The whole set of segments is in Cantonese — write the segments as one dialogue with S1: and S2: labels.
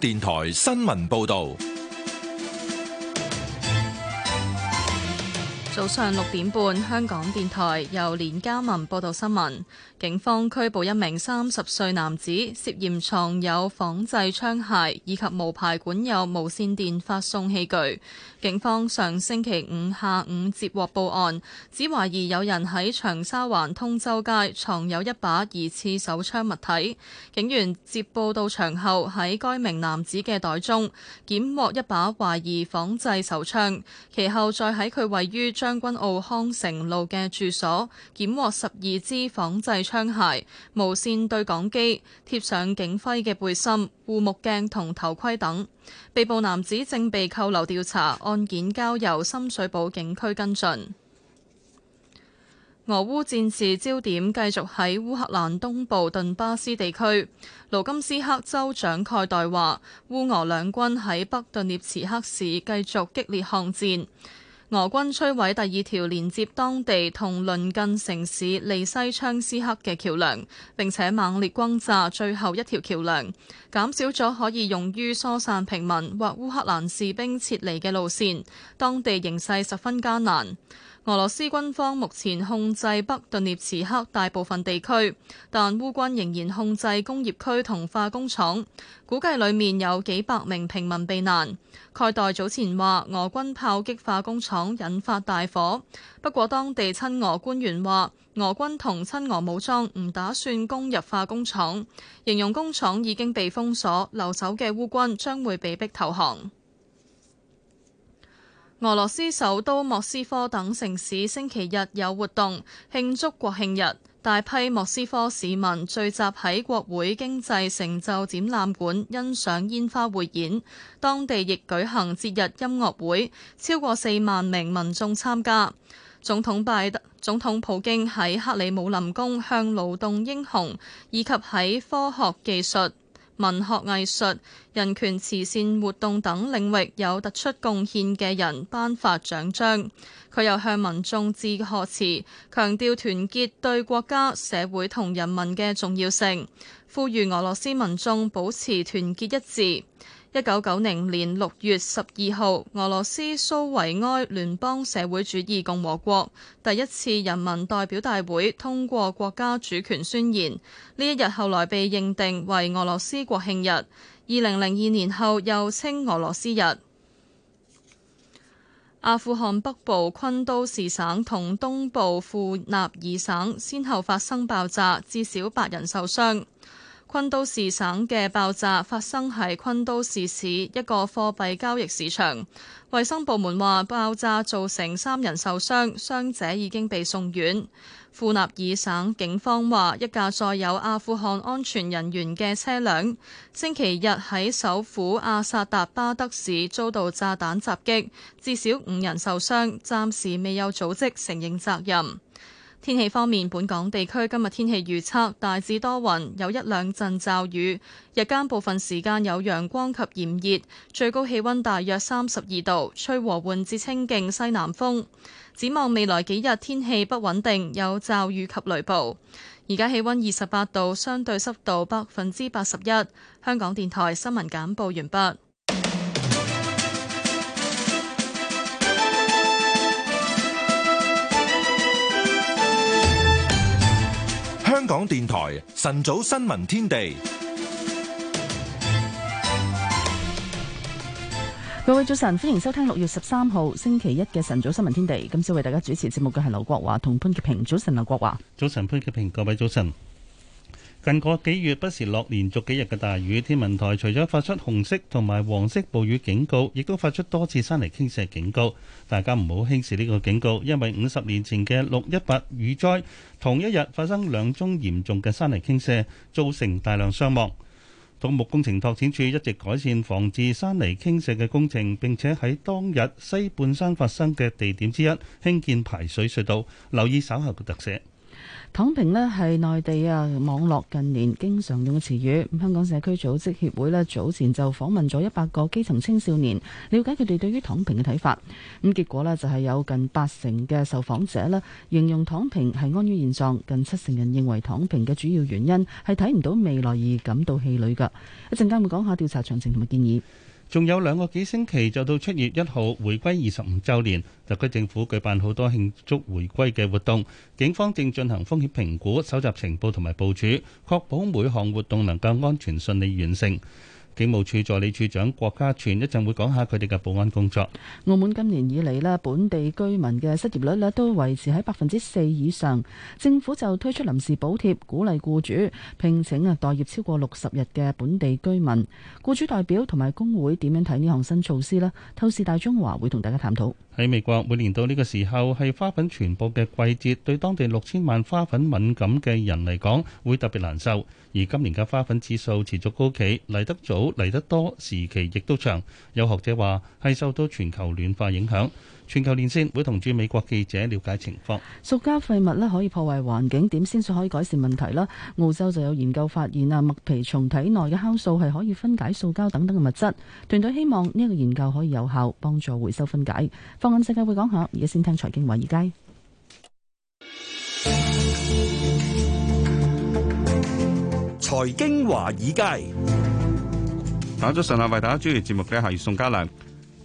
S1: 電台新聞報道。
S2: 早上六點半，香港電台由連嘉文報道新聞。警方拘捕一名三十歲男子，涉嫌藏有仿製槍械以及無牌管有無線電發送器具。警方上星期五下午接獲報案，指懷疑有人喺長沙灣通州街藏有一把疑似手槍物體。警員接報到場後，喺該名男子嘅袋中檢獲一把懷疑仿製手槍，其後再喺佢位於將軍澳康城路嘅住所，檢獲十二支仿製槍械、無線對講機、貼上警徽嘅背心、護目鏡同頭盔等。被捕男子正被扣留調查，案件交由深水埗警區跟進。俄烏戰事焦點繼續喺烏克蘭東部頓巴斯地區，盧甘斯克州長蓋代話，烏俄兩軍喺北頓涅茨克市繼續激烈巷戰。俄軍摧毀第二條連接當地同鄰近城市利西昌斯克嘅橋梁，並且猛烈轟炸最後一條橋梁，減少咗可以用於疏散平民或烏克蘭士兵撤離嘅路線。當地形勢十分艱難。俄羅斯軍方目前控制北頓涅茨克大部分地區，但烏軍仍然控制工業區同化工廠，估計裡面有幾百名平民避難。蓋代早前話俄軍炮擊化工廠引發大火，不過當地親俄官員話俄軍同親俄武裝唔打算攻入化工廠，形容工廠已經被封鎖，留守嘅烏軍將會被迫投降。俄羅斯首都莫斯科等城市星期日有活動，慶祝國慶日，大批莫斯科市民聚集喺國會經濟成就展覽館欣賞煙花匯演，當地亦舉行節日音樂會，超過四萬名民眾參加。總統拜登，總統普京喺克里姆林宮向勞動英雄，以及喺科學技術。文學藝術、人權慈善活動等領域有突出貢獻嘅人頒發獎章。佢又向民眾致賀詞，強調團結對國家、社會同人民嘅重要性，呼籲俄羅斯民眾保持團結一致。一九九零年六月十二號，俄羅斯蘇維埃聯邦社會主義共和國第一次人民代表大會通過國家主權宣言，呢一日後來被認定為俄羅斯國慶日。二零零二年後又稱俄羅斯日。阿富汗北部昆都士省同東部庫納爾省先後發生爆炸，至少八人受傷。昆都士省嘅爆炸發生喺昆都士市一個貨幣交易市場，衛生部門話爆炸造成三人受傷傷者已經被送院。庫納爾省警方話一架載有阿富汗安全人員嘅車輛星期日喺首府阿薩達巴德市遭到炸彈襲擊，至少五人受傷暫時未有組織承認責任。天氣方面，本港地區今日天氣預測大致多雲，有一兩陣驟雨，日間部分時間有陽光及炎熱，最高氣溫大約三十二度，吹和緩至清勁西南風。展望未來幾日天氣不穩定，有驟雨及雷暴。而家氣溫二十八度，相對濕度百分之八十一。香港電台新聞簡報完畢。香
S1: 港電台晨早新聞天地，
S3: 各位早晨，歡迎收聽六月十三號星期一嘅晨早新聞天地。今次為大家主持節目嘅係劉國華同潘潔平。早晨，劉國華。早晨，潘潔平。各位早晨。
S4: 近個幾月不時落連續幾日嘅大雨，天文台除咗發出紅色同埋黃色暴雨警告，亦都發出多次山泥傾瀉警告。大家唔好輕視呢個警告，因為五十年前嘅六一八雨災，同一日發生兩宗嚴重嘅山泥傾瀉，造成大量傷亡。土木工程拓展處一直改善防治山泥傾瀉嘅工程，並且喺當日西半山發生嘅地點之一興建排水隧道。留意稍後嘅特寫。
S3: 躺平呢係內地啊網絡近年經常用嘅詞語。香港社區組織協會呢，早前就訪問咗一百個基層青少年，了解佢哋對於躺平嘅睇法。咁結果呢，就係有近八成嘅受訪者呢形容躺平係安於現狀，近七成人認為躺平嘅主要原因係睇唔到未來而感到氣餒噶。一陣間會講下調查詳情同埋建議。
S4: 仲有兩個幾星期就到七月一號，回歸二十五週年，特區政府舉辦好多慶祝回歸嘅活動。警方正進行風險評估、搜集情報同埋部署，確保每項活動能夠安全順利完成。警務處助理處長郭家泉一陣會講下佢哋嘅保安工作。
S3: 澳門今年以嚟咧，本地居民嘅失業率咧都維持喺百分之四以上。政府就推出臨時補貼，鼓勵僱主聘請啊待業超過六十日嘅本地居民。僱主代表同埋工會點樣睇呢項新措施呢？《透視大中華》會同大家探討。
S4: 喺美國，每年到呢個時候係花粉傳播嘅季節，對當地六千萬花粉敏感嘅人嚟講，會特別難受。而今年嘅花粉指數持續高企，嚟得早、嚟得多，時期亦都長。有學者話係受到全球暖化影響。全球連線會同駐美國記者了解情況。
S3: 塑膠廢物咧，可以破壞環境，點先至可以改善問題咧？澳洲就有研究發現啊，麥皮蟲體內嘅酵素係可以分解塑膠等等嘅物質。團隊希望呢一個研究可以有效幫助回收分解。放眼世界會講下，而家先聽財經華爾街。
S1: 財經華爾街，
S5: 打咗上下為大家主持節目嘅係宋嘉良。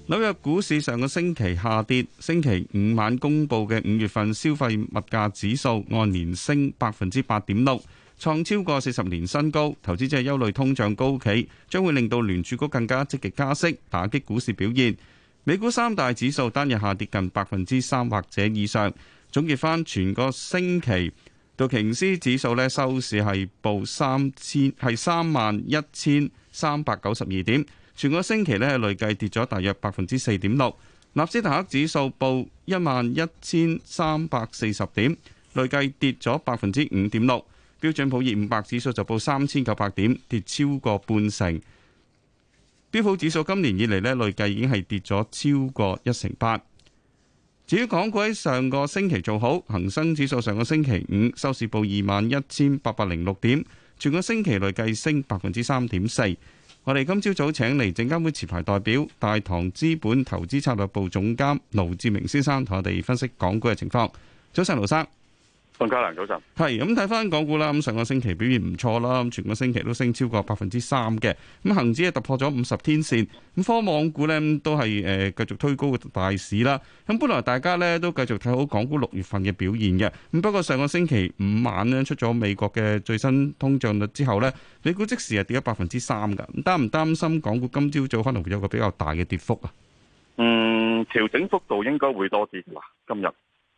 S5: 紐約股市上個星期下跌，星期五晚公佈嘅五月份消費物價指數按年升百分之八點六，創超過四十年新高。投資者憂慮通脹高企，將會令到聯儲局更加積極加息，打擊股市表現。美股三大指數單日下跌近百分之三或者以上。總結翻全個星期，道瓊斯指數呢收市係報三千，係三萬一千三百九十二點。全個星期咧，累計跌咗大約百分之四點六。納斯達克指數報一萬一千三百四十點，累計跌咗百分之五點六。標準普爾五百指數就報三千九百點，跌超過半成。標普指數今年以嚟，呢累計已經係跌咗超過一成八。至於港股喺上個星期做好，恒生指數上個星期五收市報二萬一千八百零六點，全個星期累計升百分之三點四。我哋今朝早，早請嚟證監會持牌代表、大堂資本投資策略部總監盧志明先生，同我哋分析港股嘅情況。早晨，盧生。
S6: 宋嘉良
S5: 早晨，係咁睇翻港股啦，咁上個星期表現唔錯啦，咁全個星期都升超過百分之三嘅，咁恒指啊突破咗五十天線，咁科網股呢都係誒繼續推高個大市啦。咁本來大家呢都繼續睇好港股六月份嘅表現嘅，咁不過上個星期五晚呢，出咗美國嘅最新通脹率之後呢，美股即時係跌咗百分之三噶，咁擔唔擔心港股今朝早，早可能會有個比較大嘅跌幅啊？嗯，
S6: 調整幅度應該會多啲，今日。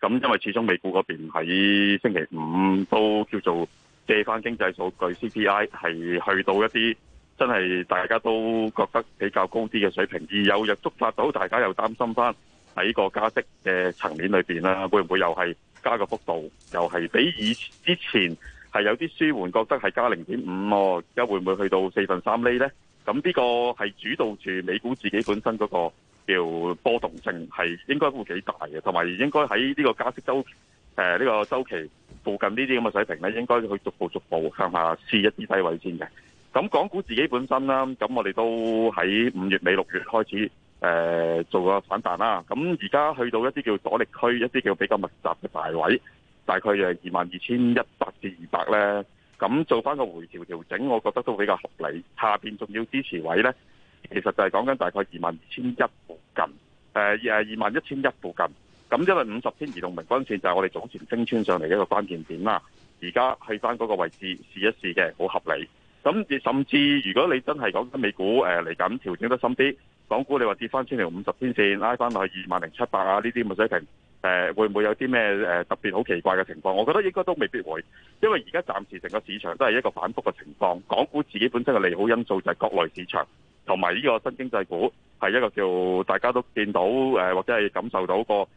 S6: 咁因為始終美股嗰邊喺星期五都叫做借翻經濟數據 CPI 係去到一啲真係大家都覺得比較高啲嘅水平，而有日觸發到大家又擔心翻喺個加息嘅層面裏邊啦，會唔會又係加個幅度，又係比以之前係有啲舒緩，覺得係加零點五，而家會唔會去到四分三厘咧？咁呢個係主導住美股自己本身嗰個。叫波動性係應該會幾大嘅，同埋應該喺呢個加息周，誒、呃、呢、呢個周期附近呢啲咁嘅水平咧，應該去逐步逐步向下試一啲低位先嘅。咁港股自己本身啦，咁我哋都喺五月尾六月開始誒、呃、做個反彈啦。咁而家去到一啲叫阻力區，一啲叫比較密集嘅大位，大概就係二萬二千一百至二百咧。咁做翻個回調調整，我覺得都比較合理。下邊仲要支持位咧。其實就係講緊大概二萬二千一附近，誒、呃，二誒二萬一千一附近。咁因為五十天移動平均線就係我哋早前升穿上嚟嘅一個關鍵點啦。而家去翻嗰個位置試一試嘅，好合理。咁甚至如果你真係講緊美股誒嚟緊調整得深啲，港股你話跌翻穿條五十天線，拉翻落去二萬零七百啊、呢啲咁嘅水平。誒、呃，會唔會有啲咩誒特別好奇怪嘅情況？我覺得應該都未必會，因為而家暫時成個市場都係一個反覆嘅情況。港股自己本身嘅利好因素就係國內市場。同埋呢個新經濟股係一個叫大家都見到誒，或者係感受到個誒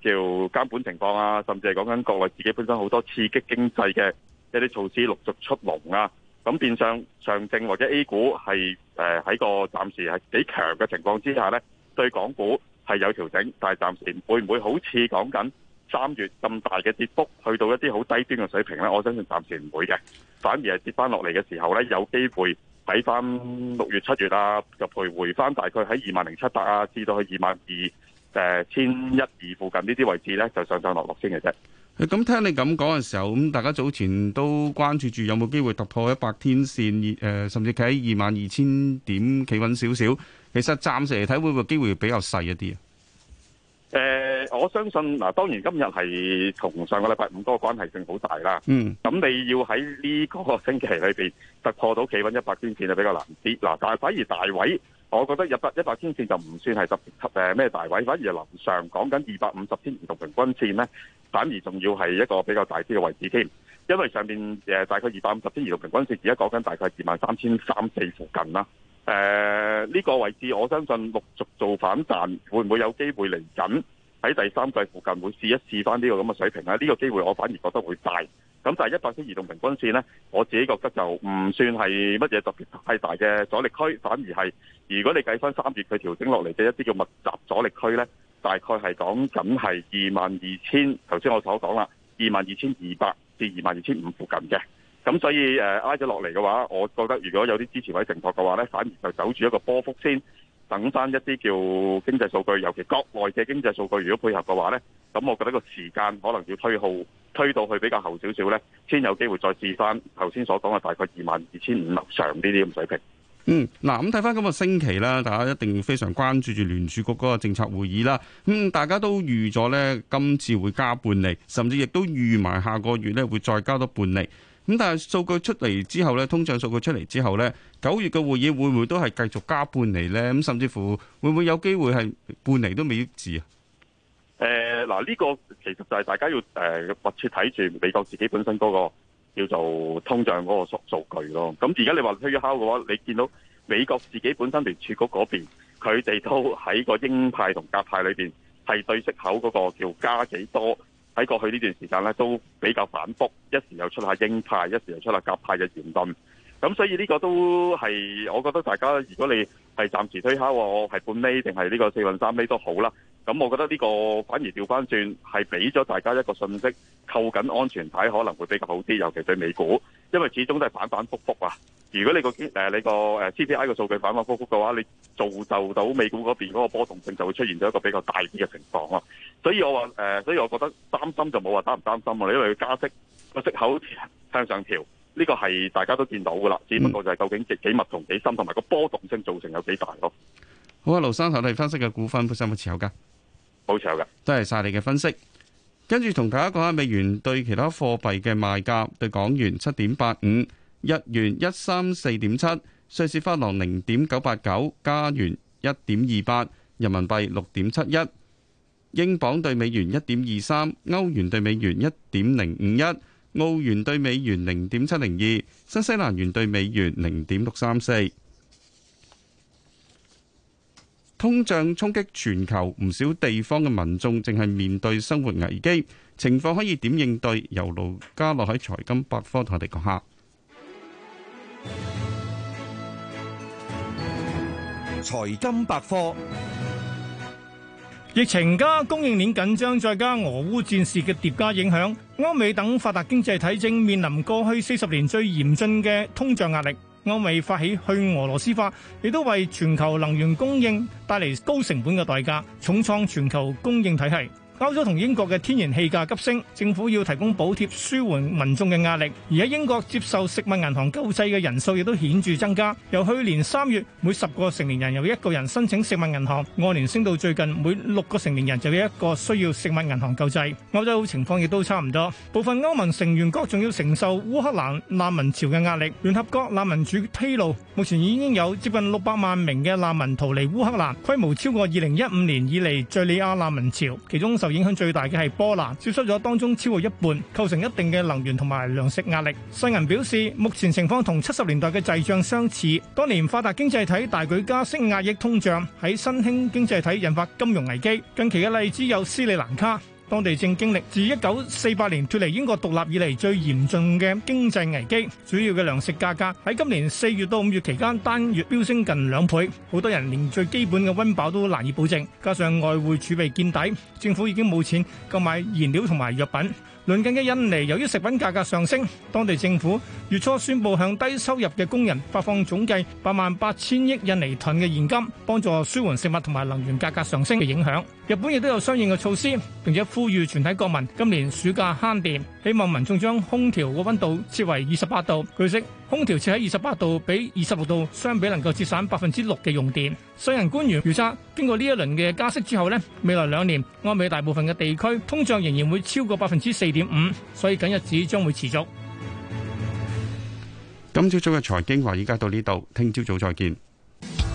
S6: 叫監管情況啊，甚至係講緊國內自己本身好多刺激經濟嘅一啲措施陸續出籠啊，咁變相上證或者 A 股係誒喺個暫時係幾強嘅情況之下呢，對港股係有調整，但係暫時會唔會好似講緊三月咁大嘅跌幅去到一啲好低端嘅水平呢？我相信暫時唔會嘅，反而係跌翻落嚟嘅時候呢，有機會。睇返六月七月啦，就徘徊翻大概喺二萬零七百啊，至到去二萬二誒千一二附近呢啲位置咧，就上上落落先嘅啫。
S5: 咁、嗯、聽你咁講嘅時候，咁、嗯、大家早前都關注住有冇機會突破一百天線，誒、呃、甚至企喺二萬二千點企穩少少。其實暫時嚟睇，會唔會機會比較細一啲啊？
S6: 誒、呃，我相信嗱，當然今日係同上個禮拜五嗰個關係性好大啦。嗯，咁你要喺呢個星期裏邊突破到企穩一百天線就比較難啲。嗱，但係反而大位，我覺得一百一百天線就唔算係特別突誒咩大位，反而係樓上講緊二百五十天移動平均線咧，反而仲要係一個比較大啲嘅位置添。因為上面誒、呃、大概 250, 二百五十天移動平均線而家講緊大概二萬三千三四附近啦。誒，呢、呃，這個位置我相信陸續做反彈，會唔會有機會嚟緊喺第三季附近會試一試翻呢個咁嘅水平咧？呢、這個機會我反而覺得會大。咁但係一百天移動平均線呢，我自己覺得就唔算係乜嘢特別太大嘅阻力區，反而係如果你計翻三月佢調整落嚟嘅一啲叫密集阻力區呢，大概係講緊係二萬二千。頭先我所講啦，二萬二千二百至二萬二千五附近嘅。咁所以誒，挨咗落嚟嘅話，我覺得如果有啲支持位承托嘅話，咧，反而就守住一個波幅先等翻一啲叫經濟數據，尤其國內嘅經濟數據。如果配合嘅話呢，咧，咁我覺得個時間可能要推好推到去比較後少少咧，先有機會再試翻頭先所講嘅大概二萬二千五樓上呢啲咁水平。
S5: 嗯，嗱咁睇翻今個星期啦，大家一定非常關注住聯儲局嗰個政策會議啦。嗯，大家都預咗咧，今次會加半厘，甚至亦都預埋下個月咧會再加多半厘。咁但係數據出嚟之後咧，通脹數據出嚟之後咧，九月嘅會議會唔會都係繼續加半厘咧？咁甚至乎會唔會有機會係半厘都未止
S7: 啊？誒
S6: 嗱、呃、呢、這個其實就係大家要誒、呃、密切睇住美國自己本身嗰個叫做通脹嗰個數數據咯。咁而家你話推敲嘅話，你見到美國自己本身聯儲局嗰邊，佢哋都喺個鷹派同鴿派裏邊係對息口嗰個叫加幾多？喺過去呢段時間咧，都比較反覆，一時又出下鷹派，一時又出下鴿派嘅言論。咁所以呢個都係，我覺得大家如果你係暫時推敲，我係半厘定係呢個四分三厘都好啦。咁，我覺得呢個反而掉返轉，係俾咗大家一個信息，扣緊安全帶可能會比較好啲，尤其對美股，因為始終都係反反覆覆啊。如果你個誒你個誒 CPI 嘅數據反反覆覆嘅話，你造就到美股嗰邊嗰個波動性就會出現咗一個比較大啲嘅情況咯、啊。所以我話誒、呃，所以我覺得擔心就冇話擔唔擔心啊，因為佢加息個息口向上調，呢、這個係大家都見到噶啦，只不過就係究竟幾幾密同幾深，同埋個波動性造成有幾大咯、啊。
S5: 好啊，盧生頭你分析嘅股份有冇持有噶？冇持有噶，多謝晒你嘅分析。跟住同大家講下美元對其他貨幣嘅賣價：對港元七點八五，日元一三四點七，瑞士法郎零點九八九，加元一點二八，人民幣六點七一，英鎊對美元一點二三，歐元對美元一點零五一，澳元對美元零點七零二，新西蘭元對美元零點六三四。通脹衝擊全球，唔少地方嘅民眾淨係面對生活危機，情況可以點應對？由盧加諾喺財金百科同我哋講下。
S8: 財金百科，疫情加供應鏈緊張，再加俄烏戰事嘅疊加影響，歐美等發達經濟體正面臨過去四十年最嚴峻嘅通脹壓力。歐美發起去俄羅斯化，亦都為全球能源供應帶嚟高成本嘅代價，重創全球供應體系。歐洲同英國嘅天然氣價急升，政府要提供補貼舒緩民眾嘅壓力。而喺英國接受食物銀行救濟嘅人數亦都顯著增加，由去年三月每十個成年人有一個人申請食物銀行，按年升到最近每六個成年人就有一個需要食物銀行救濟。歐洲情況亦都差唔多，部分歐盟成員國仲要承受烏克蘭難民潮嘅壓力。聯合國難民署披露，目前已經有接近六百萬名嘅難民逃離烏克蘭，規模超過二零一五年以嚟敍利亞難民潮，其中，受影響最大嘅係波蘭，接收咗當中超過一半，構成一定嘅能源同埋糧食壓力。世銀表示，目前情況同七十年代嘅滯脹相似，當年發達經濟體大舉加息壓抑通脹，喺新興經濟體引發金融危機。近期嘅例子有斯里蘭卡。當地正經歷自一九四八年脱離英國獨立以嚟最嚴重嘅經濟危機，主要嘅糧食價格喺今年四月到五月期間單月飆升近兩倍，好多人連最基本嘅温飽都難以保證。加上外匯儲備見底，政府已經冇錢購買燃料同埋藥品。鄰近嘅印尼由於食品價格上升，當地政府月初宣布向低收入嘅工人發放總計八萬八千億印尼盾嘅現金，幫助舒緩食物同埋能源價格上升嘅影響。日本亦都有相應嘅措施，並且呼籲全體國民今年暑假慳電，希望民眾將空調嘅溫度設為二十八度。據悉，空調設喺二十八度比二十六度相比能夠節省百分之六嘅用電。世行官員預測，經過呢一輪嘅加息之後咧，未來兩年歐美大部分嘅地區通脹仍然會超過百分之四點五，所以緊日子將會持續。
S5: 今朝早嘅財經話，依家到呢度，聽朝早再見。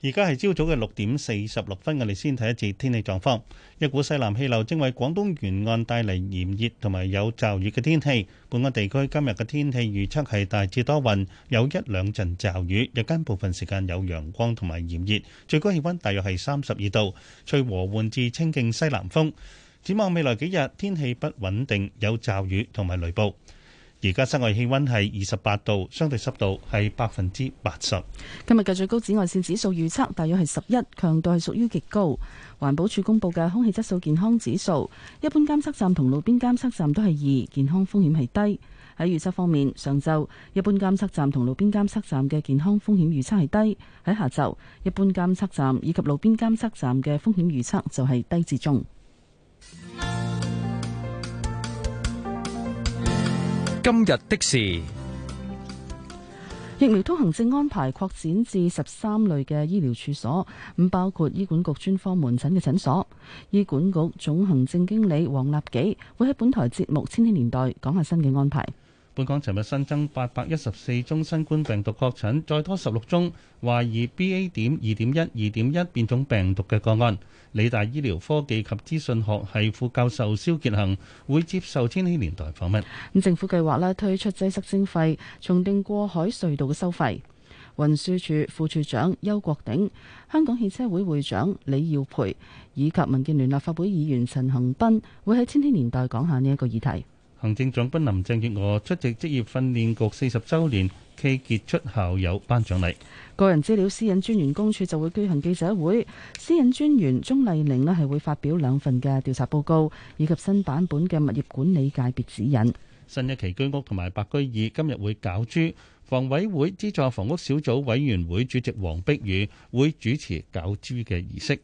S4: 而家係朝早嘅六點四十六分，我哋先睇一節天氣狀況。一股西南氣流正為廣東沿岸帶嚟炎熱同埋有驟雨嘅天氣。本港地區今日嘅天氣預測係大致多雲，有一兩陣驟雨。日間部分時間有陽光同埋炎熱，最高氣溫大約係三十二度，吹和緩至清勁西南風。展望未來幾日天氣不穩定，有驟雨同埋雷暴。而家室外氣溫係二十八度，相對濕度係百分之八十。
S3: 今日嘅最高紫外線指數預測大約係十一，強度係屬於極高。環保署公布嘅空氣質素健康指數，一般監測站同路邊監測站都係二，健康風險係低。喺預測方面，上晝一般監測站同路邊監測站嘅健康風險預測係低；喺下晝，一般監測站以及路邊監測站嘅風險預測就係低至中。
S9: 今日的事，
S3: 疫苗通行證安排擴展至十三類嘅醫療處所，唔包括醫管局專科門診嘅診所。醫管局總行政經理黃立己會喺本台節目《千禧年代》講下新嘅安排。
S4: 本港尋日新增八百一十四宗新冠病毒確診，再多十六宗懷疑 BA. 點二點一、二點一變種病毒嘅個案。理大醫療科技及資訊學系副教授蕭傑恒會接受《千禧年代》訪問。
S3: 政府計劃咧推出擠塞徵費，重定過海隧道嘅收費。運輸署副署長邱國鼎、香港汽車會會長李耀培以及民建聯立法會議員陳恒斌會喺《千禧年代》講下呢一個議題。
S4: 行政長官林鄭月娥出席職業訓練局四十周年暨傑出校友頒獎禮。
S3: 個人資料私隱專員公署就會舉行記者會，私隱專員鍾麗玲咧係會發表兩份嘅調查報告，以及新版本嘅物業管理界別指引。
S4: 新一期居屋同埋白居二今日會攪珠，房委會資助房屋小組委員會主席黃碧如會主持攪珠嘅儀式。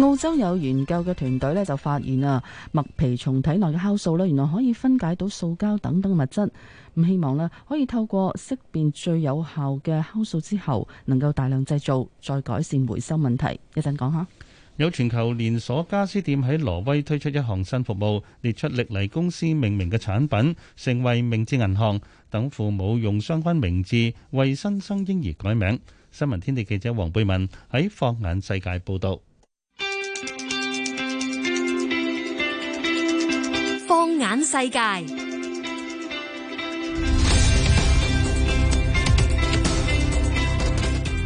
S3: 澳洲有研究嘅團隊呢，就發現啊，麥皮蟲體內嘅酵素咧，原來可以分解到塑膠等等物質。咁希望咧，可以透過識別最有效嘅酵素之後，能夠大量製造，再改善回收問題。一陣講下，
S4: 有全球連鎖家私店喺挪威推出一項新服務，列出歷嚟公司命名嘅產品，成為名字銀行，等父母用相關名字為新生嬰兒改名。新聞天地記者黃貝文喺放眼世界報道。
S10: 放眼世
S11: 界，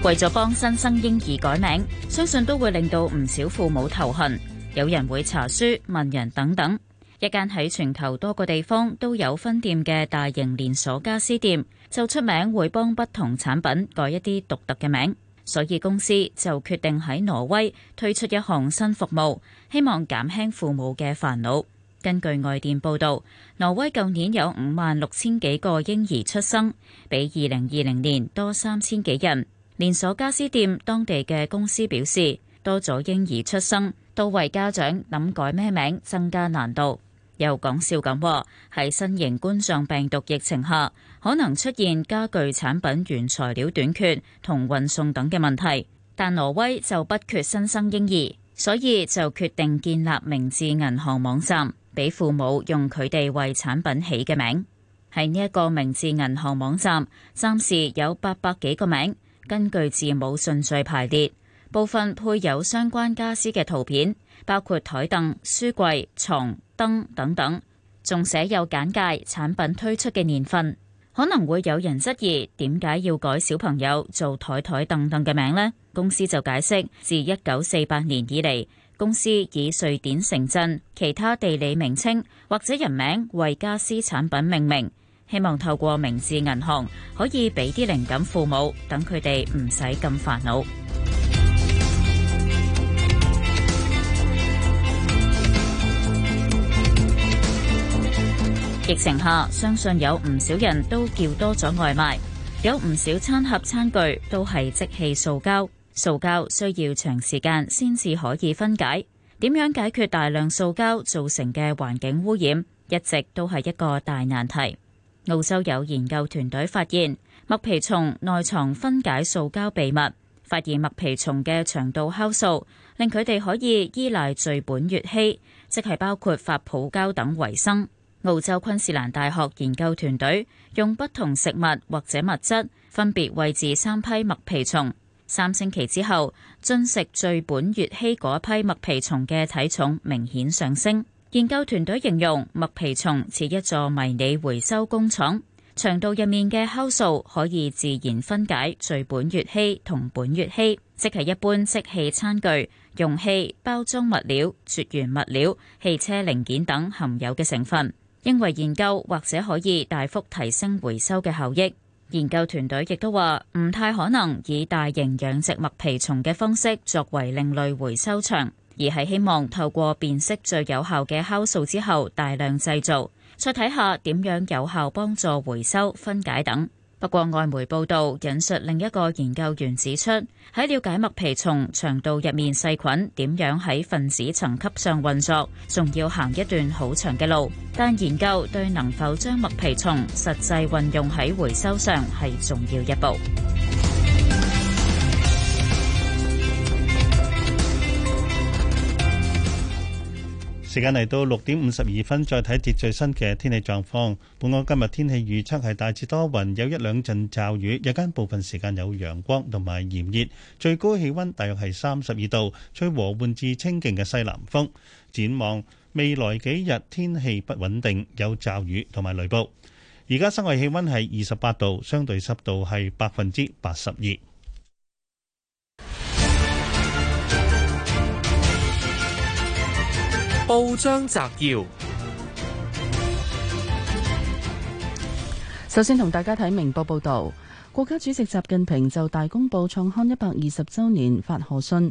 S11: 為咗幫新生嬰兒改名，相信都會令到唔少父母頭痕。有人會查書、問人等等。一間喺全球多個地方都有分店嘅大型連鎖家私店，就出名會幫不同產品改一啲獨特嘅名。所以公司就決定喺挪威推出一項新服務，希望減輕父母嘅煩惱。根據外電報導，挪威舊年有五萬六千幾個嬰兒出生，比二零二零年多三千幾人。連鎖家私店當地嘅公司表示，多咗嬰兒出生都為家長諗改咩名增加難度。又講笑咁話，喺新型冠狀病毒疫情下，可能出現家具產品原材料短缺同運送等嘅問題，但挪威就不缺新生嬰兒，所以就決定建立名字銀行網站。俾父母用佢哋為產品起嘅名，係呢一個名字銀行網站，暫時有八百幾個名，根據字母順序排列，部分配有相關家私嘅圖片，包括台凳、書櫃、床、燈等等，仲寫有簡介、產品推出嘅年份。可能會有人質疑，點解要改小朋友做台台凳凳嘅名呢？公司就解釋，自一九四八年以嚟。公司以瑞典城鎮、其他地理名稱或者人名為家私產品命名，希望透過名字銀行可以俾啲靈感父母，等佢哋唔使咁煩惱。 疫情下，相信有唔少人都叫多咗外賣，有唔少餐盒餐具都係即棄塑膠。塑膠需要長時間先至可以分解，點樣解決大量塑膠造成嘅環境污染，一直都係一個大難題。澳洲有研究團隊發現，麥皮蟲內藏分解塑膠秘密，發現麥皮蟲嘅腸道酵素令佢哋可以依賴聚苯乙烯，即係包括發泡膠等維生。澳洲昆士蘭大學研究團隊用不同食物或者物質分別餵飼三批麥皮蟲。三星期之後，進食聚苯乙烯嗰批麥皮蟲嘅體重明顯上升。研究團隊形容麥皮蟲似一座迷你回收工廠，腸道入面嘅酵素可以自然分解聚苯乙烯同苯乙烯，即係一般即棄餐具、容器、包裝物料、絕緣物料、汽車零件等含有嘅成分，因為研究或者可以大幅提升回收嘅效益。研究團隊亦都話，唔太可能以大型養殖麥皮蟲嘅方式作為另類回收場，而係希望透過辨識最有效嘅酵素之後，大量製造，再睇下點樣有效幫助回收分解等。不過，外媒報導引述另一個研究員指出，喺了解麥皮蟲腸道入面細菌點樣喺分子層級上運作，仲要行一段好長嘅路。但研究對能否將麥皮蟲實際運用喺回收上係重要一步。
S4: 時間嚟到六點五十二分，再睇疊最新嘅天氣狀況。本港今日天氣預測係大致多雲，有一兩陣驟雨，日間部分時間有陽光同埋炎熱，最高氣溫大約係三十二度，吹和緩至清勁嘅西南風。展望未來幾日天氣不穩定，有驟雨同埋雷暴。而家室外氣溫係二十八度，相對濕度係百分之八十二。
S12: 報章摘要，
S3: 首先同大家睇明報報道，國家主席習近平就《大公報》創刊一百二十周年發賀信，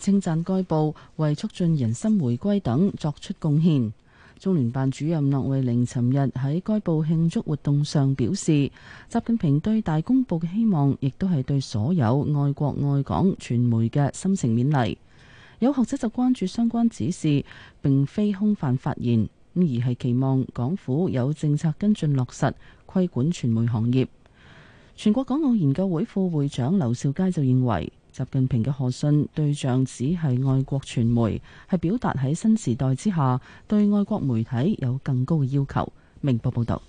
S3: 稱讚該報為促進人心回歸等作出貢獻。中聯辦主任駱惠寧尋日喺該報慶祝活動上表示，習近平對《大公報》嘅希望，亦都係對所有愛國愛港傳媒嘅深情勉勵。有學者就關注相關指示並非空泛發言，而係期望港府有政策跟進落實規管傳媒行業。全國港澳研究會副會長劉兆佳就認為，習近平嘅賀信對象只係愛國傳媒，係表達喺新時代之下對愛國媒體有更高嘅要求。明報報道。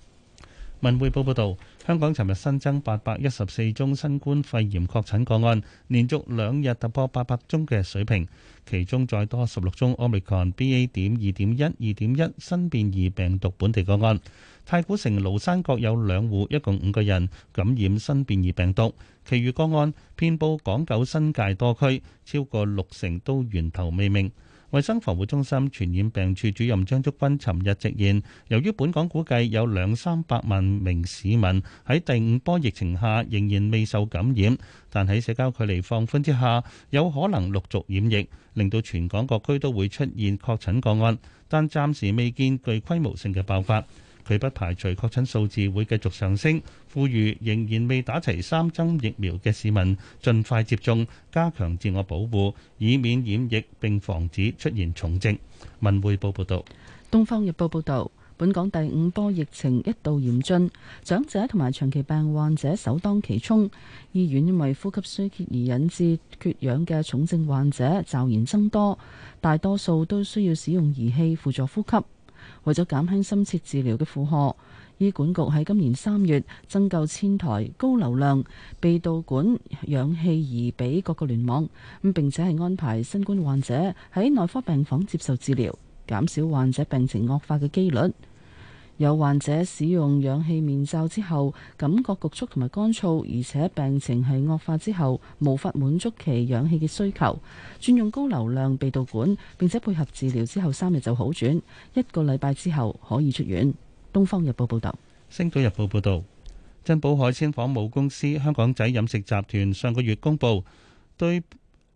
S4: 文匯報報導。香港尋日新增八百一十四宗新冠肺炎確診個案，連續兩日突破八百宗嘅水平，其中再多十六宗 Omicron BA. 點二點一二點一新變異病毒本地個案。太古城蘆山各有兩戶，一共五個人感染新變異病毒，其餘個案遍佈港九新界多區，超過六成都源頭未明。衛生防護中心傳染病處主任張竹君尋日直言，由於本港估計有兩三百萬名市民喺第五波疫情下仍然未受感染，但喺社交距離放寬之下，有可能陸續染疫，令到全港各區都會出現確診個案，但暫時未見具規模性嘅爆發。佢不排除確診數字會繼續上升，呼籲仍然未打齊三針疫苗嘅市民盡快接種，加強自我保護，以免染疫並防止出現重症。文匯報報道，
S3: 《東方日報》報道，本港第五波疫情一度嚴峻，長者同埋長期病患者首當其衝，醫院因為呼吸衰竭而引致缺氧嘅重症患者驟然增多，大多數都需要使用儀器輔助呼吸。為咗減輕深切治療嘅負荷，醫管局喺今年三月增購千台高流量鼻導管氧氣儀俾各個聯網，咁並且係安排新冠患者喺內科病房接受治療，減少患者病情惡化嘅幾率。有患者使用氧氣面罩之後，感覺局促同埋乾燥，而且病情係惡化之後，無法滿足其氧氣嘅需求，轉用高流量鼻導管並且配合治療之後三日就好轉，一個禮拜之後可以出院。《東方日報》報導，
S4: 《星島日報》報導，珍寶海鮮舫母公司香港仔飲食集團上個月公布對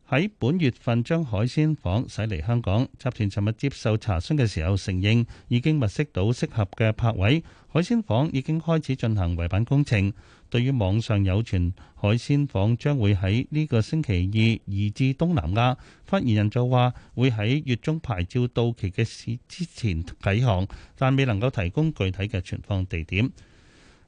S4: 喺本月份將海鮮舫駛離香港，集團尋日接受查詢嘅時候承認已經物色到適合嘅泊位，海鮮舫已經開始進行圍板工程。對於網上有傳海鮮舫將會喺呢個星期二移至東南亞，發言人就話會喺月中牌照到期嘅時之前啟航，但未能夠提供具體嘅存放地點。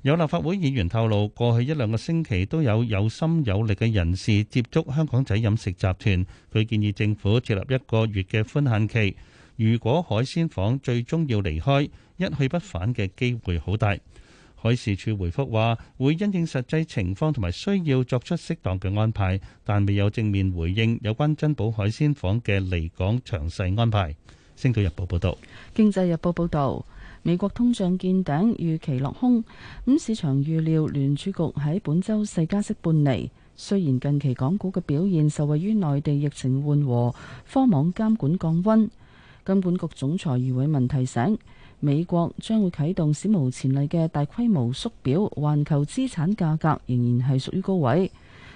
S4: 有立法會議員透露，過去一兩個星期都有有心有力嘅人士接觸香港仔飲食集團。佢建議政府設立一個月嘅寬限期，如果海鮮舫最終要離開，一去不返嘅機會好大。海事處回覆話，會因應實際情況同埋需要作出適當嘅安排，但未有正面回應有關珍寶海鮮舫嘅離港詳細安排。星島日報報道。
S3: 經濟日報報道。美國通脹見頂，預期落空。咁市場預料聯儲局喺本周四加息半釐。雖然近期港股嘅表現受惠於內地疫情緩和、科網監管降温，金管局總裁余偉文提醒，美國將會啟動史無前例嘅大規模縮表，環球資產價格仍然係屬於高位。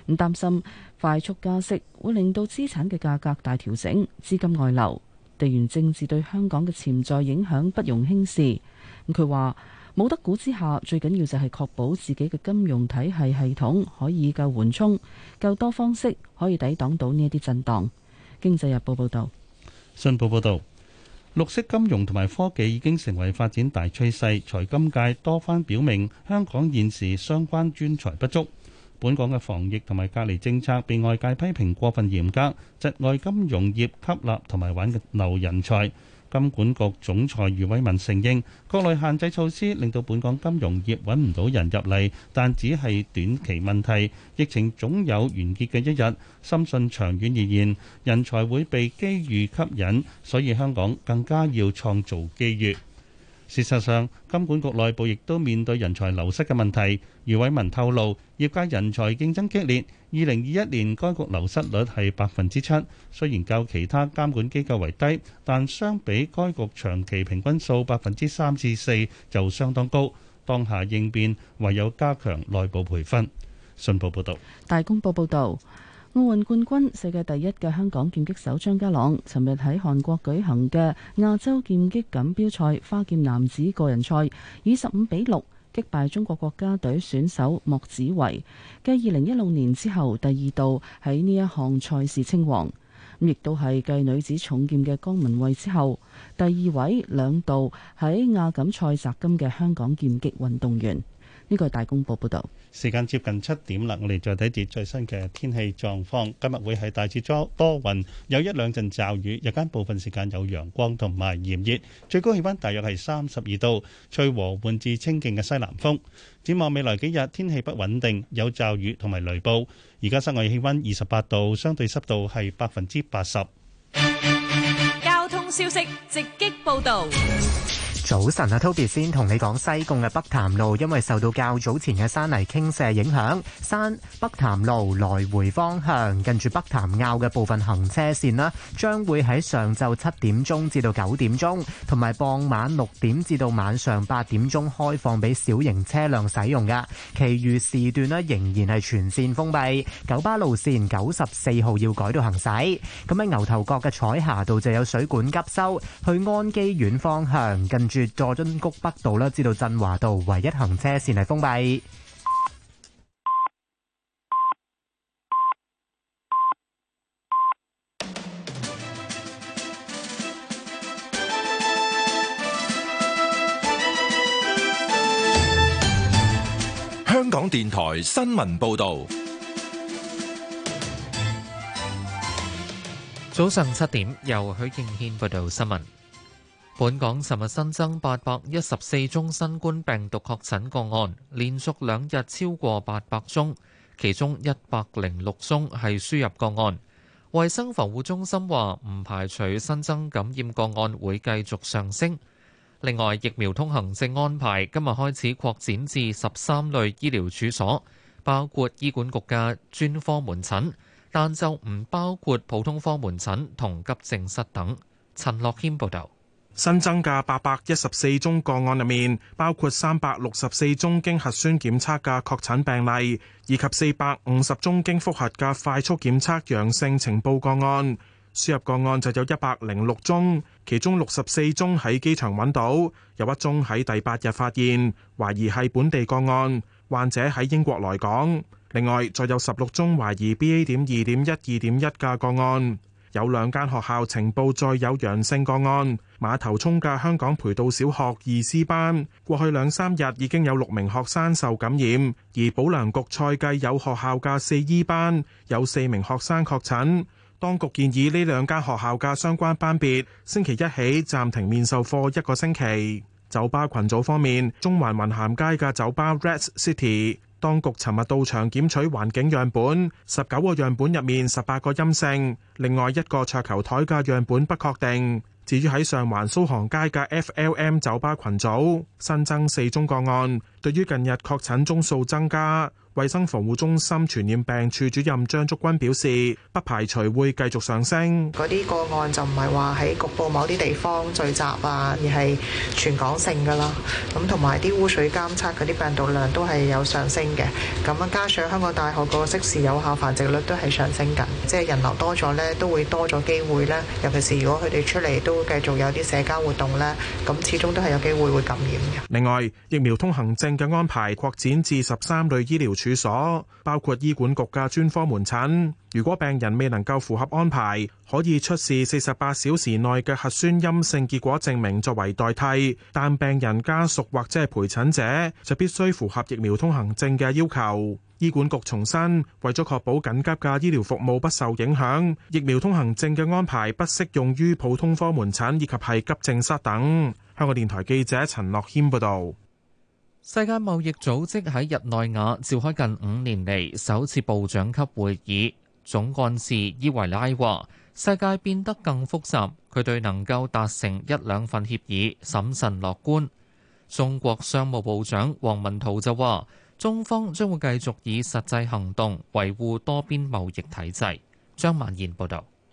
S3: 唔擔心快速加息會令到資產嘅價格大調整，資金外流。地緣政治對香港嘅潛在影響不容輕視。佢話冇得估之下，最緊要就係確保自己嘅金融體系系統可以夠緩衝，夠多方式可以抵擋到呢一啲震蕩。經濟日報報道。
S4: 信報報道，綠色金融同埋科技已經成為發展大趨勢。財金界多番表明，香港現時相關專才不足。本港嘅防疫同埋隔離政策被外界批評過分嚴格，窒礙金融業吸納同埋挽留人才。金管局總裁余偉文承認，國內限制措施令到本港金融業揾唔到人入嚟，但只係短期問題。疫情總有完結嘅一日，深信長遠而言，人才會被機遇吸引，所以香港更加要創造機遇。事實上，金管局內部亦都面對人才流失嘅問題。余偉文透露，業界人才競爭激烈，二零二一年該局流失率係百分之七，雖然較其他監管機構為低，但相比該局長期平均數百分之三至四就相當高。當下應變，唯有加強內部培訓。信報報道。
S3: 大公報報道。奧運冠軍、世界第一嘅香港劍擊手張家朗，尋日喺韓國舉行嘅亞洲劍擊錦標賽花劍男子個人賽，以十五比六擊敗中國國家隊選手莫子維，繼二零一六年之後第二度喺呢一項賽事稱王，亦都係繼女子重劍嘅江旻憓之後第二位兩度喺亞錦賽摘金嘅香港劍擊運動員。呢個係大公報報道。
S4: 時間接近七點啦，我哋再睇住最新嘅天氣狀況。今日會係大致多雲，有一兩陣驟雨，日間部分時間有陽光同埋炎熱，最高氣溫大約係三十二度，吹和緩至清勁嘅西南風。展望未來幾日天氣不穩定，有驟雨同埋雷暴。而家室外氣溫二十八度，相對濕度係百分之八十。
S2: 交通消息，直擊報道。
S13: 早晨啊，Toby 先同你講西貢嘅北潭路，因為受到較早前嘅山泥傾瀉影響，山北潭路來回方向，跟住北潭坳嘅部分行車綫啦，將會喺上晝七點鐘至到九點鐘，同埋傍晚六點至到晚上八點鐘開放俾小型車輛使用噶，其餘時段咧仍然係全線封閉。九巴路線九十四號要改道行駛，咁喺牛頭角嘅彩霞道就有水管急修，去安基苑方向跟住佐敦谷北道啦，至到振華道唯一行車線係封閉。
S1: 香港電台新聞報道，
S12: 早上七點由許敬軒報道新聞。本港尋日新增八百一十四宗新冠病毒確診個案，連續兩日超過八百宗，其中一百零六宗係輸入個案。衛生防護中心話唔排除新增感染個案會繼續上升。另外，疫苗通行證安排今日開始擴展至十三類醫療處所，包括醫管局嘅專科門診，但就唔包括普通科門診同急
S10: 症室等。陳樂謙報道。新增嘅八百一十四宗個案入面，包括三百六十四宗經核酸檢測嘅確診病例，以及四百五十宗經複核嘅快速檢測陽性情報個案。輸入個案就有一百零六宗，其中六十四宗喺機場搵到，有一宗喺第八日發現，懷疑係本地個案，患者喺英國來港。另外，再有十六宗懷疑 B A 點二點一二點一嘅個案。有兩間學校呈報再有陽性個案，馬頭涌嘅香港培道小學二 C 班，過去兩三日已經有六名學生受感染；而保良局賽季有學校嘅四 E 班有四名學生確診。當局建議呢兩間學校嘅相關班別星期一起暫停面授課一個星期。酒吧群組方面，中環雲咸街嘅酒吧 Red City。當局尋日到場檢取環境樣本，十九個樣本入面十八個陰性，另外一個桌球檯嘅樣本不確定。至於喺上環蘇杭街嘅 FLM 酒吧群組，新增四宗個案，對於近日確診宗數增加。衛生防護中心傳染病處主任張竹君表示，不排除會繼續上升。
S12: 嗰啲個案就唔係話喺局部某啲地方聚集啊，而係全港性噶啦。咁同埋啲污水監測嗰啲病毒量都係有上升嘅。咁啊，加上香港大學個即時有效繁殖率都係上升緊，即係人流多咗咧，都會多咗機會咧。尤其是如果佢哋出嚟都會繼續有啲社交活動咧，咁始終都係有機會會感染嘅。
S10: 另外，疫苗通行證嘅安排擴展至十三類醫療。處所包括醫管局嘅專科門診。如果病人未能夠符合安排，可以出示四十八小時內嘅核酸陰性結果證明作為代替。但病人家屬或者係陪診者就必須符合疫苗通行證嘅要求。醫管局重申，為咗確保緊急嘅醫療服務不受影響，疫苗通行證嘅安排不適用於普通科門診以及係急症室等。香港電台記者陳樂謙報道。世界貿易組織喺日內瓦召開近五年嚟首
S12: 次部長級會議，總幹事伊維拉話：世界變得更複雜，佢對能夠達成一兩份協議審慎樂觀。中國商務部長王文濤就話：中方將會繼續以實際行動維護多邊貿易體制。張萬賢報道。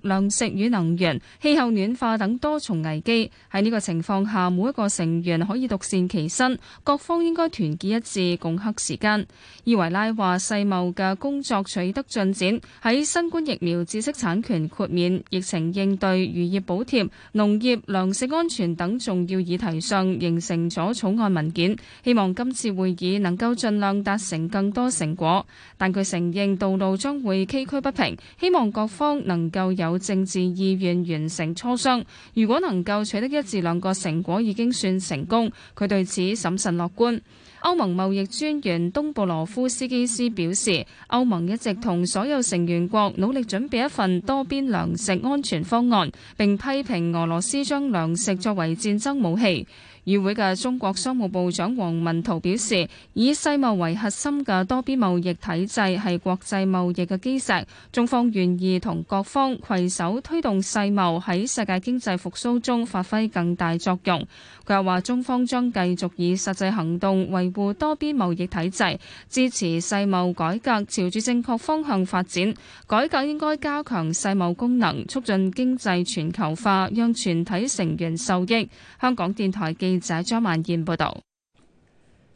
S14: 糧食與能源、氣候暖化等多重危機，喺呢個情況下，每一個成員可以獨善其身，各方應該團結一致，共克時間。伊維拉話世貿嘅工作取得進展，喺新冠疫苗知識產權豁免、疫情應對、漁業補貼、農業、糧食安全等重要議題上形成咗草案文件，希望今次會議能夠盡量達成更多成果。但佢承認道路將會崎嶇不平，希望各方能夠。有政治意願完成磋商，如果能夠取得一至兩個成果，已經算成功。佢對此審慎樂觀。歐盟貿易專員東布羅夫斯基斯表示，歐盟一直同所有成員國努力準備一份多邊糧食安全方案，並批評俄羅斯將糧食作為戰爭武器。與會嘅中國商務部長王文濤表示，以世貿為核心嘅多邊貿易體制係國際貿易嘅基石，中方願意同各方携手推動世貿喺世界經濟復蘇中發揮更大作用。佢又話：中方將繼續以實際行動維護多邊貿易體制，支持世貿改革朝住正確方向發展。改革應該加強世貿功能，促進經濟全球化，讓全體成員受益。香港電台記者張曼燕報導。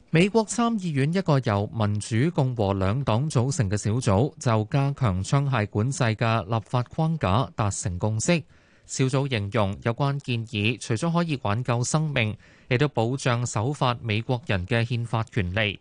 S12: 美國參議院一個由民主共和兩黨組成嘅小組就加強槍械管制嘅立法框架達成共識。小組形容有關建議除咗可以挽救生命，亦都保障守法美國人嘅憲法權利。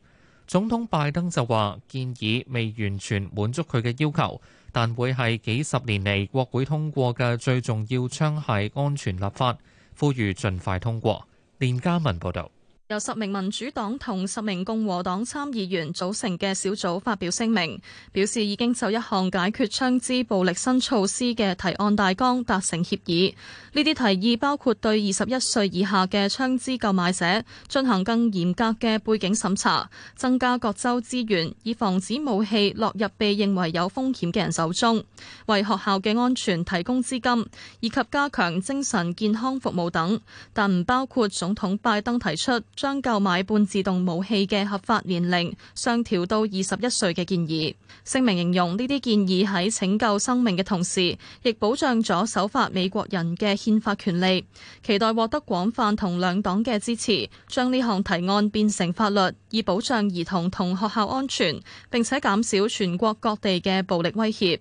S12: 總統拜登就話建議未完全滿足佢嘅要求，但會係幾十年嚟國會通過嘅最重要槍械安全立法，呼籲盡快通過。連嘉文報道。
S2: 由十名民主黨同十名共和黨參議員組成嘅小組發表聲明，表示已經就一項解決槍支暴力新措施嘅提案大綱達成協議。呢啲提議包括對二十一歲以下嘅槍支購買者進行更嚴格嘅背景審查，增加各州資源以防止武器落入被認為有風險嘅人手中，為學校嘅安全提供資金，以及加強精神健康服務等。但唔包括總統拜登提出將購買半自動武器嘅合法年齡上調到二十一歲嘅建議。聲明形容呢啲建議喺拯救生命嘅同時，亦保障咗守法美國人嘅。憲法權利，期待獲得廣泛同兩黨嘅支持，將呢項提案變成法律，以保障兒童同學校安全，並且減少全國各地嘅暴力威脅。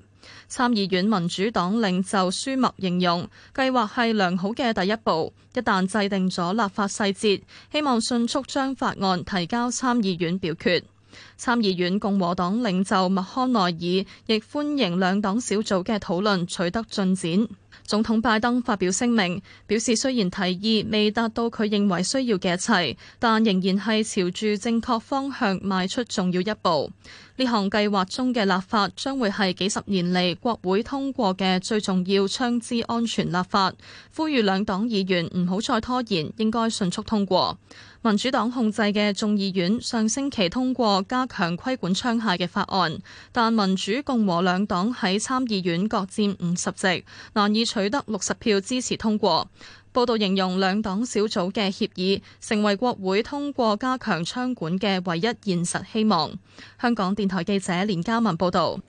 S2: 參議院民主黨領袖舒默形容計劃係良好嘅第一步，一旦制定咗立法細節，希望迅速將法案提交參議院表決。參議院共和黨領袖麥康奈爾亦歡迎兩黨小組嘅討論取得進展。總統拜登發表聲明，表示雖然提議未達到佢認為需要嘅一切，但仍然係朝住正確方向邁出重要一步。呢項計劃中嘅立法將會係幾十年嚟國會通過嘅最重要槍支安全立法，呼籲兩黨議員唔好再拖延，應該迅速通過。民主黨控制嘅眾議院上星期通過加強規管槍械嘅法案，但民主共和兩黨喺參議院各佔五十席，難以取得六十票支持通過。報道形容兩黨小組嘅協議成為國會通過加強槍管嘅唯一現實希望。香港電台記者連嘉文報道，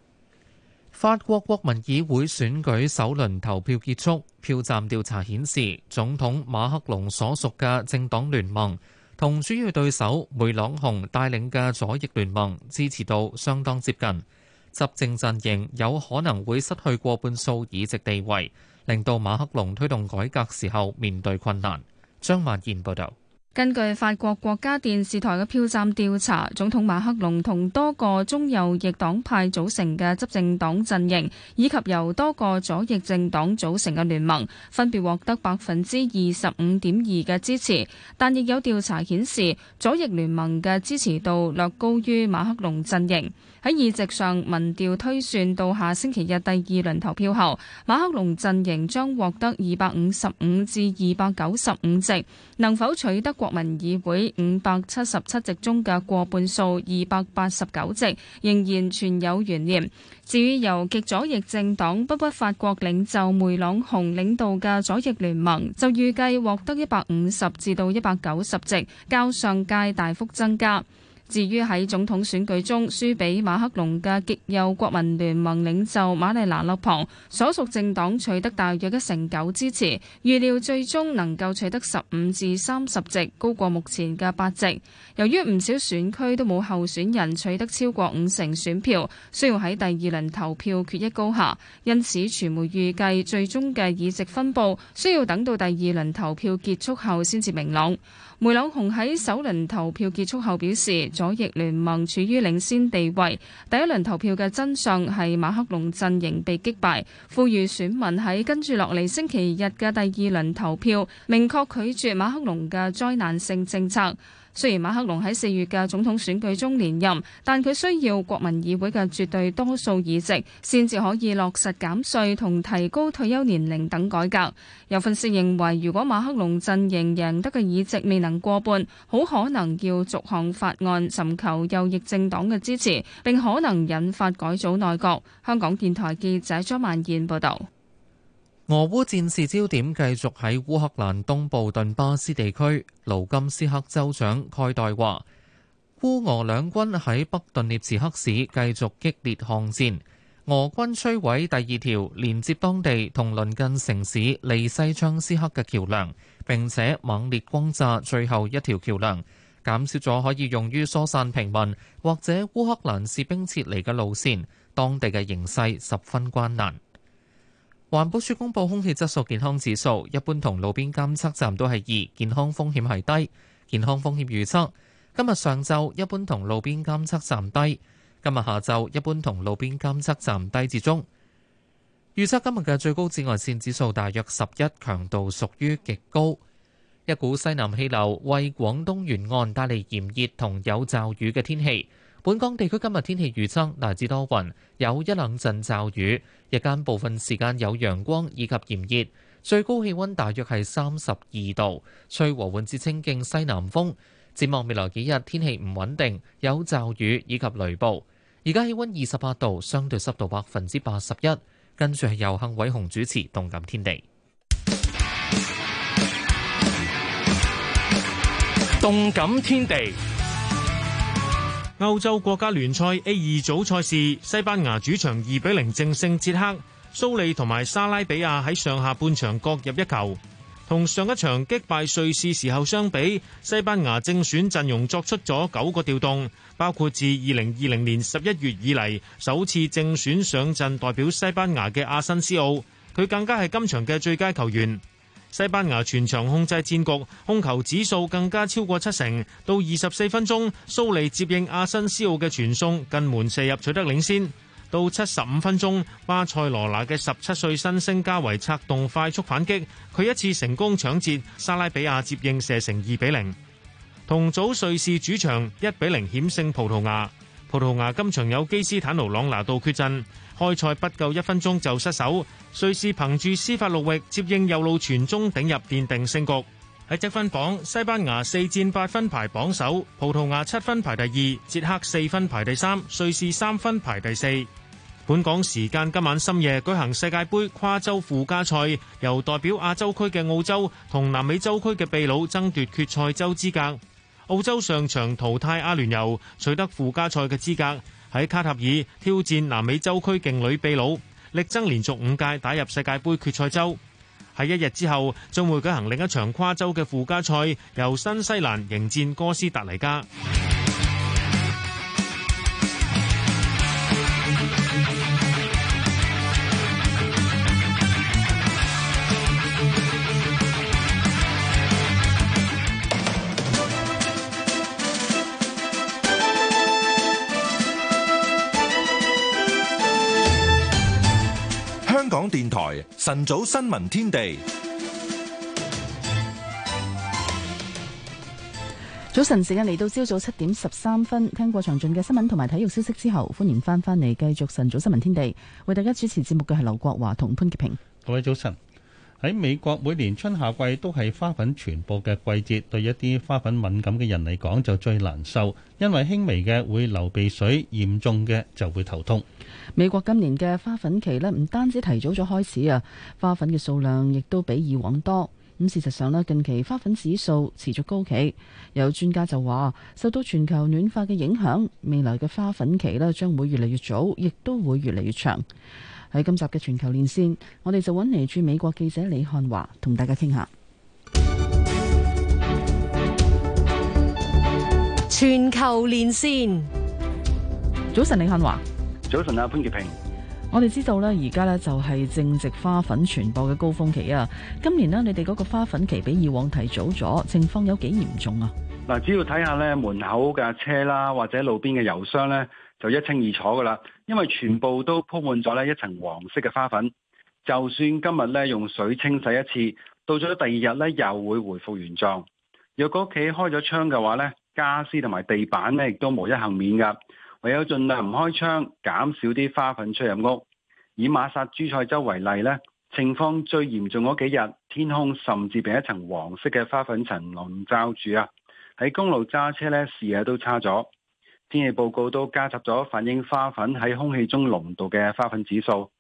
S2: 法國國
S12: 民議會選舉首輪投票結束，票站調查顯示，總統馬克龍所屬嘅政黨聯盟同主要對手梅朗雄帶領嘅左翼聯盟支持度相當接近，執政陣營有可能會失去過半數議席地位，令到馬克龍推動改革時候面對困難。張萬健報道。
S14: 根據法國國家電視台嘅票站調查，總統馬克龍同多個中右翼黨派組成嘅執政黨陣營，以及由多個左翼政黨組成嘅聯盟，分別獲得百分之二十五點二嘅支持。但亦有調查顯示，左翼聯盟嘅支持度略高於馬克龍陣營。喺議席上，民調推算到下星期日第二輪投票後，馬克龍陣營將獲得二百五十五至二百九十五席，能否取得國民議會五百七十七席中嘅過半數二百八十九席，仍然存有懸念。至於由極左翼政黨、不屈法國領袖梅朗雄領導嘅左翼聯盟，就預計獲得一百五十至到一百九十席，較上屆大幅增加。至於喺總統選舉中輸俾馬克龍嘅極右國民聯盟領袖瑪麗娜勒旁所屬政黨取得大約一成九支持，預料最終能夠取得十五至三十席，高過目前嘅八席。由於唔少選區都冇候選人取得超過五成選票，需要喺第二輪投票決一高下，因此傳媒預計最終嘅議席分佈需要等到第二輪投票結束後先至明朗。梅朗雄喺首輪投票結束後表示，左翼聯盟處於領先地位。第一輪投票嘅真相係馬克龍陣營被擊敗，呼籲選民喺跟住落嚟星期日嘅第二輪投票，明確拒絕馬克龍嘅災難性政策。雖然馬克龍喺四月嘅總統選舉中連任，但佢需要國民議會嘅絕對多數議席，先至可以落實減稅同提高退休年齡等改革。有分析認為，如果馬克龍陣營贏得嘅議席未能過半，好可能要逐項法案尋求右翼政黨嘅支持，並可能引發改組內閣。香港電台記者張萬燕報道。
S12: 俄烏戰事焦點繼續喺烏克蘭東部頓巴斯地區，盧甘斯克州長蓋代話：烏俄兩軍喺北頓涅茨克市繼續激烈巷戰，俄軍摧毀第二條連接當地同鄰近城市利西昌斯克嘅橋梁，並且猛烈轟炸最後一條橋梁，減少咗可以用於疏散平民或者烏克蘭士兵撤離嘅路線。當地嘅形勢十分困難。環保署公布空氣質素健康指數，一般同路邊監測站都係二，健康風險係低。健康風險預測，今日上晝一般同路邊監測站低，今日下晝一般同路邊監測站低至中。預測今日嘅最高紫外線指數大約十一，強度屬於極高。一股西南氣流為廣東沿岸帶嚟炎熱同有驟雨嘅天氣。本港地區今日天氣預測，大致多雲，有一兩陣驟雨，日間部分時間有陽光以及炎熱，最高氣溫大約係三十二度，吹和緩至清勁西南風。展望未來幾日天氣唔穩定，有驟雨以及雷暴。而家氣溫二十八度，相對濕度百分之八十一。跟住係由幸偉雄主持《動感天地》，
S10: 《動感天
S9: 地》。歐洲國家聯賽 A 二組賽事，西班牙主場二比零淨勝捷克，蘇利同埋莎拉比亞喺上下半場各入一球。同上一場擊敗瑞士時候相比，西班牙正選陣容作出咗九個調動，包括自二零二零年十一月以嚟首次正選上陣代表西班牙嘅阿申斯奧，佢更加係今場嘅最佳球員。西班牙全場控制戰局，控球指數更加超過七成。到二十四分鐘，蘇利接應阿新斯奧嘅傳送，近門射入取得領先。到七十五分鐘，巴塞羅那嘅十七歲新星加維策動快速反擊，佢一次成功搶截，沙拉比亞接應射成二比零。同組瑞士主場一比零險勝葡萄牙，葡萄牙今場有基斯坦奴朗拿度缺陣。開賽不夠一分鐘就失守，瑞士憑住司法綠域接應右路傳中頂入奠定勝局。喺積分榜，西班牙四戰八分排榜首，葡萄牙七分排第二，捷克四分排第三，瑞士三分排第四。本港時間今晚深夜舉行世界杯跨洲附加賽，由代表亞洲區嘅澳洲同南美洲區嘅秘魯爭奪決賽周資格。澳洲上場淘汰阿聯酋，取得附加賽嘅資格。喺卡塔爾挑戰南美洲區勁旅秘魯，力爭連續五屆打入世界杯決賽周。喺一日之後，將會舉行另一場跨洲嘅附加賽，由新西蘭迎戰哥斯達黎加。
S1: 台晨早新聞天地，
S3: 早晨時間嚟到朝早七點十三分，聽過詳盡嘅新聞同埋體育消息之後，歡迎返返嚟繼續晨早新聞天地，為大家主持節目嘅係劉國華同潘潔平，
S4: 各位早晨。喺美國，每年春夏季都係花粉傳播嘅季節，對一啲花粉敏感嘅人嚟講就最難受，因為輕微嘅會流鼻水，嚴重嘅就會頭痛。
S3: 美國今年嘅花粉期呢，唔單止提早咗開始啊，花粉嘅數量亦都比以往多。咁事實上呢，近期花粉指數持續高企，有專家就話，受到全球暖化嘅影響，未來嘅花粉期呢將會越嚟越早，亦都會越嚟越長。喺今集嘅全球連線，我哋就揾嚟駐美國記者李漢華同大家傾下全球連線。早晨，李漢華。
S15: 早晨啊，潘潔平。
S3: 我哋知道呢，而家呢就係正值花粉傳播嘅高峰期啊。今年呢，你哋嗰個花粉期比以往提早咗，情況有幾嚴重啊？
S15: 嗱，只要睇下呢門口架車啦，或者路邊嘅郵箱呢，就一清二楚㗎喇。因為全部都鋪滿咗咧一層黃色嘅花粉，就算今日咧用水清洗一次，到咗第二日咧又會回復原狀。若果屋企開咗窗嘅話咧，家私同埋地板咧亦都無一幸免噶。唯有盡量唔開窗，減少啲花粉出入屋。以馬薩諸塞州為例咧，情況最嚴重嗰幾日，天空甚至被一層黃色嘅花粉層籠罩住啊！喺公路揸車咧，視野都差咗。天氣報告都加插咗反映花粉喺空氣中濃度嘅花粉指數。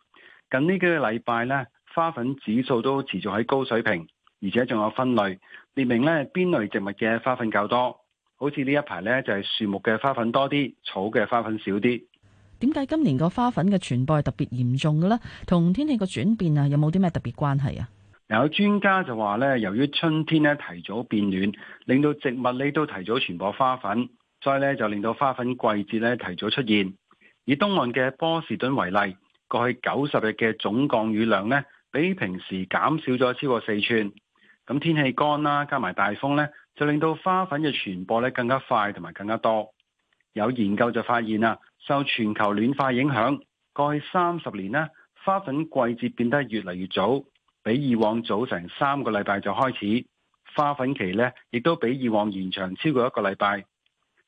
S15: 近呢幾個禮拜咧，花粉指數都持續喺高水平，而且仲有分類列明咧邊類植物嘅花粉較多。好似呢一排呢就係樹木嘅花粉多啲，草嘅花粉少啲。
S3: 點解今年個花粉嘅傳播係特別嚴重嘅呢？同天氣個轉變啊，有冇啲咩特別關係
S15: 啊？有專家就話呢由於春天呢提早變暖，令到植物咧都提早傳播花粉。所以咧就令到花粉季節咧提早出現。以東岸嘅波士頓為例，過去九十日嘅總降雨量咧比平時減少咗超過四吋。咁天氣乾啦，加埋大風呢，就令到花粉嘅傳播咧更加快同埋更加多。有研究就發現啊，受全球暖化影響，過去三十年呢，花粉季節變得越嚟越早，比以往早成三個禮拜就開始花粉期呢，亦都比以往延長超過一個禮拜。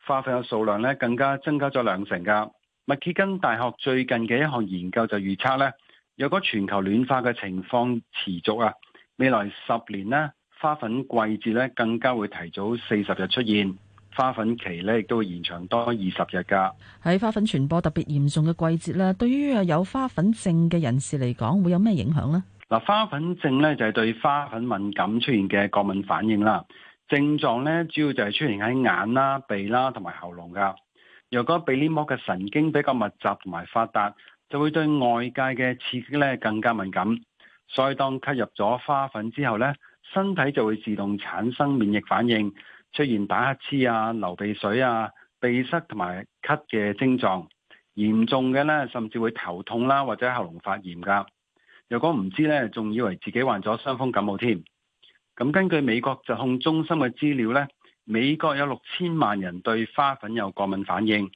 S15: 花粉嘅數量咧更加增加咗兩成噶。麥歇根大學最近嘅一項研究就預測咧，若果全球暖化嘅情況持續啊，未來十年呢，花粉季節咧更加會提早四十日出現，花粉期咧亦都會延長多二十日噶。
S3: 喺花粉傳播特別嚴重嘅季節咧，對於啊有花粉症嘅人士嚟講，會有咩影響呢？
S15: 嗱，花粉症咧就係對花粉敏感出現嘅過敏反應啦。症狀咧主要就係出現喺眼啦、鼻啦同埋喉嚨噶。若果鼻黏膜嘅神經比較密集同埋發達，就會對外界嘅刺激咧更加敏感。所以當吸入咗花粉之後咧，身體就會自動產生免疫反應，出現打乞嗤啊、流鼻水啊、鼻塞同埋咳嘅症狀。嚴重嘅咧，甚至會頭痛啦或者喉嚨發炎噶。若果唔知咧，仲以為自己患咗傷風感冒添。咁根據美國疾控中心嘅資料咧，美國有六千萬人對花粉有過敏反應，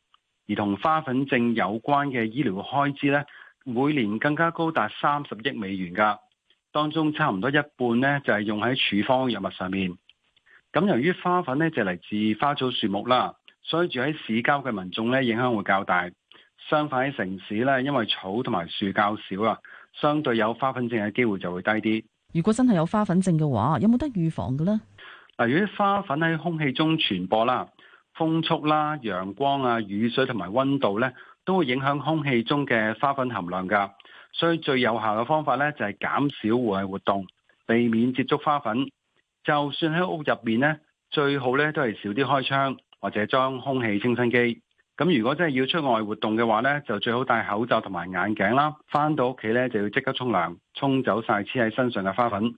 S15: 而同花粉症有關嘅醫療開支咧，每年更加高達三十億美元㗎。當中差唔多一半咧，就係用喺處方藥物上面。咁由於花粉咧就嚟自花草樹木啦，所以住喺市郊嘅民眾咧，影響會較大。相反喺城市咧，因為草同埋樹較少啊，相對有花粉症嘅機會就會低啲。如果
S3: 真係有花粉症嘅話，有冇得預防嘅呢？
S15: 嗱，如果花粉喺空氣中傳播啦，風速啦、陽光啊、雨水同埋温度咧，都會影響空氣中嘅花粉含量噶。所以最有效嘅方法咧，就係減少戶外活動，避免接觸花粉。就算喺屋入面咧，最好咧都係少啲開窗或者裝空氣清新機。咁如果真係要出外活動嘅話咧，就最好戴口罩同埋眼鏡啦。翻到屋企咧，就要即刻沖涼，沖走晒黐喺身上嘅花粉。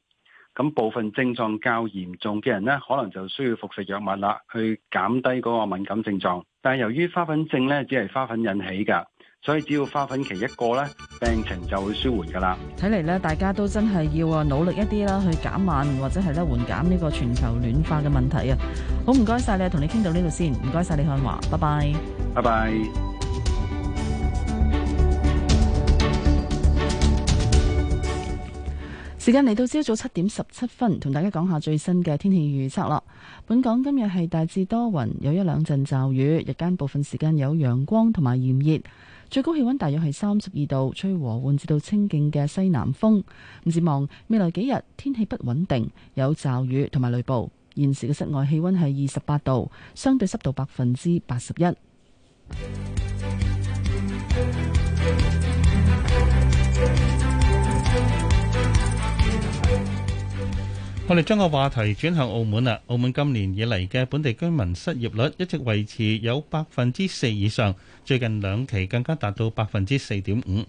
S15: 咁部分症狀較嚴重嘅人咧，可能就需要服食藥物啦，去減低嗰個敏感症狀。但係由於花粉症咧，只係花粉引起㗎，所以只要花粉期一過咧，病情就會舒緩㗎啦。
S3: 睇嚟咧，大家都真係要啊努力一啲啦，去減慢或者係咧緩減呢個全球暖化嘅問題啊！好唔該晒你啊，同你傾到呢度先，唔該晒，李漢華，拜拜。
S15: 拜拜。
S3: 時間嚟到朝早七點十七分，同大家講下最新嘅天氣預測啦。本港今日係大致多雲，有一兩陣驟雨，日間部分時間有陽光同埋炎熱，最高氣溫大約係三十二度，吹和緩至到清勁嘅西南風。展望未來幾日天氣不穩定，有驟雨同埋雷暴。現時嘅室外氣溫係二十八度，相對濕度百分之八十一。
S4: 我哋將個話題轉向澳門啦。澳門今年以嚟嘅本地居民失業率一直維持有百分之四以上，最近兩期更加達到百分之四點五。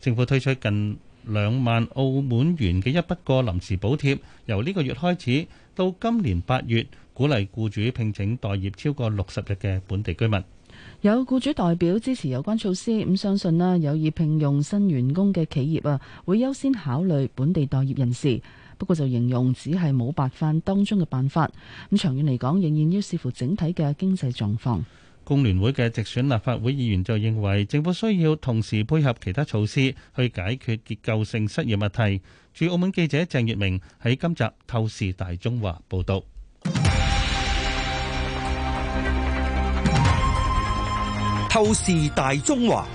S4: 政府推出近兩萬澳門元嘅一筆過臨時補貼，由呢個月開始到今年八月，鼓勵僱主聘請待業超過六十日嘅本地居民。
S3: 有雇主代表支持有關措施，咁相信啦，有意聘用新員工嘅企業啊，會優先考慮本地待業人士。不過就形容只係冇辦法當中嘅辦法。咁長遠嚟講，仍然要視乎整體嘅經濟狀況。
S4: 工聯會嘅直選立法會議員就認為，政府需要同時配合其他措施去解決結構性失業問題。駐澳門記者鄭月明喺今集透視大中華報導。
S16: 都是大中華，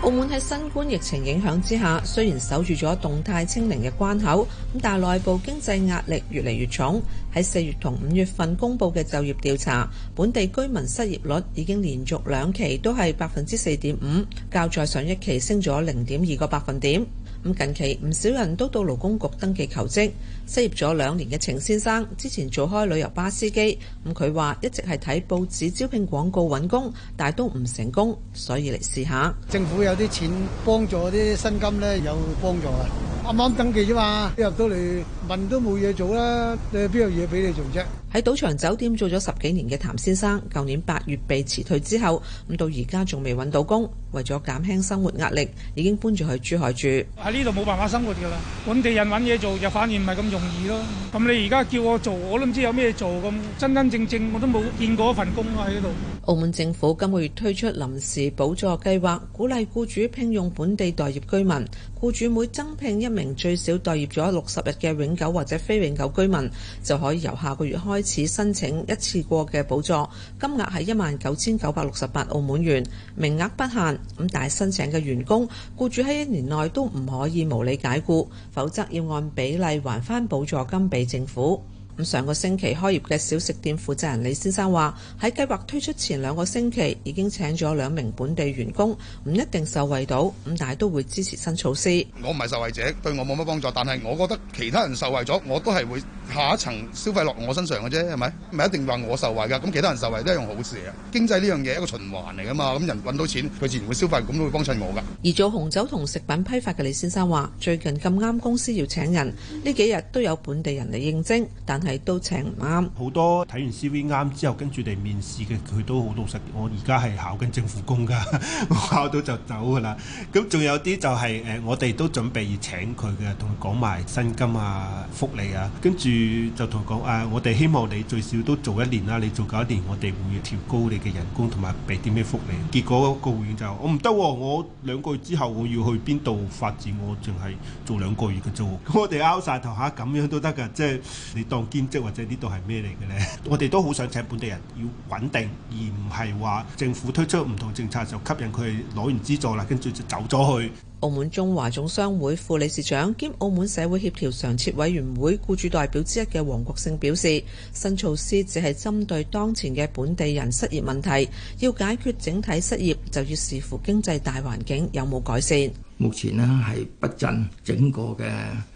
S17: 澳門喺新冠疫情影響之下，雖然守住咗動態清零嘅關口，咁但係內部經濟壓力越嚟越重。喺四月同五月份公布嘅就業調查，本地居民失業率已經連續兩期都係百分之四點五，較在上一期升咗零點二個百分點。咁近期唔少人都到勞工局登記求職。失業咗兩年嘅程先生，之前做開旅遊巴司機，咁佢話一直係睇報紙招聘廣告揾工，但係都唔成功，所以嚟試下。政府有啲錢幫助啲薪金咧，有幫助啊！啱啱登記啫嘛，入到嚟問都冇嘢做啦，誒邊有嘢俾你做啫？喺賭場酒店做咗十幾年嘅譚先生，舊年八月被辭退之後，咁到而家仲未揾到工，為咗減輕生活壓力，已經搬咗去珠海住。
S8: 喺呢度冇辦法生活噶啦，
S17: 本地人揾嘢做就反而唔係咁容易咯，咁你而家叫我做，我都唔知有咩做咁，真真正正我都冇見過一份工喺度。澳門政府今個月推出臨時補助計劃，鼓勵雇主聘用本地待業居民。僱主每增聘一名最少待業咗六十日嘅永久或者非永久居民，就可以由下個月開始申請一次過嘅補助，金額係一萬九千九百六十八澳門元，名額不限。咁但係申請嘅員工僱主喺一年內都唔可以無理解雇，否則要按比例還返補助金俾政府。咁上個星期開業嘅小食店負責人李先生話：喺計劃推出前兩個星期已經請咗兩名本地員工，唔一定受惠到，咁但係都會支持新措施。
S6: 我唔係受惠者，對我冇乜幫助，但係我覺得其他人受惠咗，我都係會下一層消費落我身上嘅啫，係咪？唔係一定話我受惠㗎，咁其他人受惠都係用好事嚟。經濟呢樣嘢一個循環嚟㗎嘛，咁人搵到錢，佢自然會消費，咁都會幫襯我㗎。而
S17: 做紅酒同食品批發嘅李先生話：最近咁啱公司要請人，呢幾日都有本地人嚟應徵，但係都請
S4: 唔啱，好多睇完 CV 啱之後，跟住嚟面試嘅佢都好老實。我而家係考緊政府工㗎， 我考到就走㗎啦。咁仲有啲就係、是、誒、呃，我哋都準備要請佢嘅，同佢講埋薪金啊、福利啊，跟住就同佢講誒、啊，我哋希望你最少都做一年啦、啊。你做夠一年，我哋會要調高你嘅人工同埋俾啲咩福利。結果個僱員就我唔得、啊，我兩個月之後我要去邊度發展，我淨係做兩個月嘅啫。咁我哋拗晒頭下，咁樣都得㗎，即係你當。兼職或者呢度係咩嚟嘅呢？我哋都好想請本地人，
S17: 要穩定，而唔係話政府推出唔同政策就吸引佢攞完資助啦，跟住就走咗去。澳門中華總商會副理事長兼澳門社會協調常設委員會僱主代表之一嘅黃國勝表示，新措施只係針對當前嘅本地人失業問題，要解決整體失業，就要視乎經濟大環境有冇改善。
S8: 目前呢，係不振，整個嘅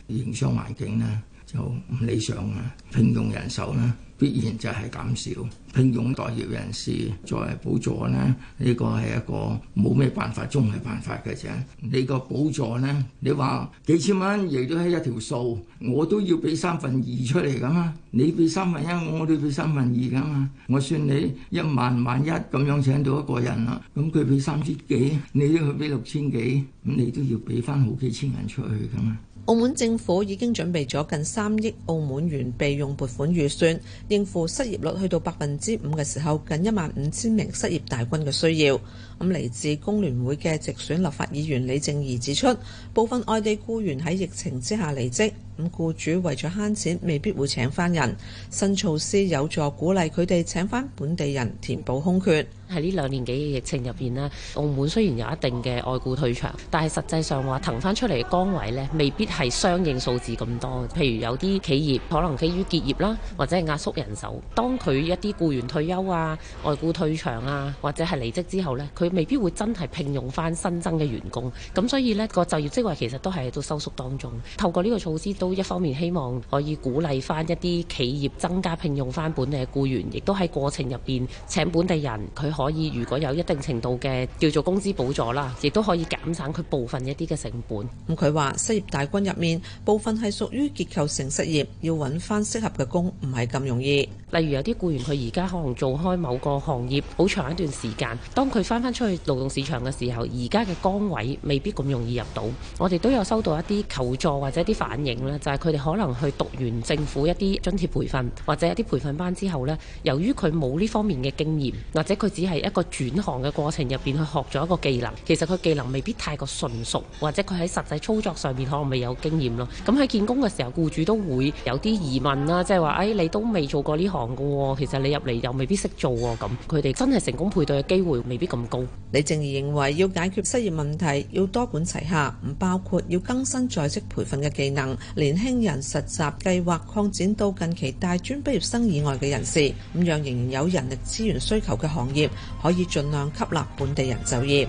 S8: 營商環境呢。就唔理想啊！聘用人手咧，必然就係減少聘用待業人士作為補助咧，呢個係一個冇咩辦法，中嘅辦法嘅啫。你個補助咧，你話幾千蚊亦都係一條數，我都要俾三分二出嚟噶嘛。你俾三分一，我都俾三分二噶嘛。我算你一萬萬一咁樣請到一個人啦，咁佢俾三千幾，你都要俾六千幾，咁你都要俾翻好幾千銀出去噶嘛。
S17: 澳門政府已經準備咗近三億澳門元備用撥款預算，應付失業率去到百分之五嘅時候，近一萬五千名失業大軍嘅需要。咁嚟自工聯會嘅直選立法議員李正儀指出，部分外地僱員喺疫情之下離職，咁僱主為咗慳錢，未必會請翻人。新措施有助鼓勵佢哋請翻
S18: 本地人填補空缺。喺呢兩年幾嘅疫情入邊呢，澳門雖然有一定嘅外僱退場，但係實際上話騰翻出嚟嘅崗位呢，未必係相應數字咁多。譬如有啲企業可能基於結業啦，或者係壓縮人手，當佢一啲僱員退休啊、外僱退場啊，或者係離職之後呢。未必會真係聘用翻新增嘅員工，咁所以呢個就業職位其實都係喺度收縮當中。透過呢個措施，都一方面希望可以鼓勵翻一啲企業增加聘用翻本地嘅僱員，亦都喺過程入邊請本地人。佢可以如果有一定程度嘅叫做工資補助啦，亦都可以減省佢部分一啲嘅成本。咁佢話失業大軍入面，部分係屬於結構性失業，要揾翻適合嘅工唔係咁容易。例如有啲僱員佢而家可能做開某個行業好長一段時間，當佢翻翻，出去勞動市場嘅時候，而家嘅崗位未必咁容易入到。我哋都有收到一啲求助或者啲反映呢，就係佢哋可能去讀完政府一啲津貼培訓，或者一啲培訓班之後，呢由於佢冇呢方面嘅經驗，或者佢只係一個轉行嘅過程入邊去學咗一個技能，其實佢技能未必太過純熟，或者佢喺實際操作上面可能未有經驗咯。咁喺見工嘅時候，雇主都會有啲疑問啦，即係話：誒、哎，你都未做過呢行㗎喎，其實你入嚟又未必識做喎。咁佢哋真係成功配對嘅機會未必咁高。李靜怡認為，要解決失業問
S17: 題，要多管齊下，唔包括要更新在職培訓嘅技能，年輕人實習計劃擴展到近期大專畢業生以外嘅人士，噉樣仍然有人力資源需求嘅行業可以盡量吸納本地人就業。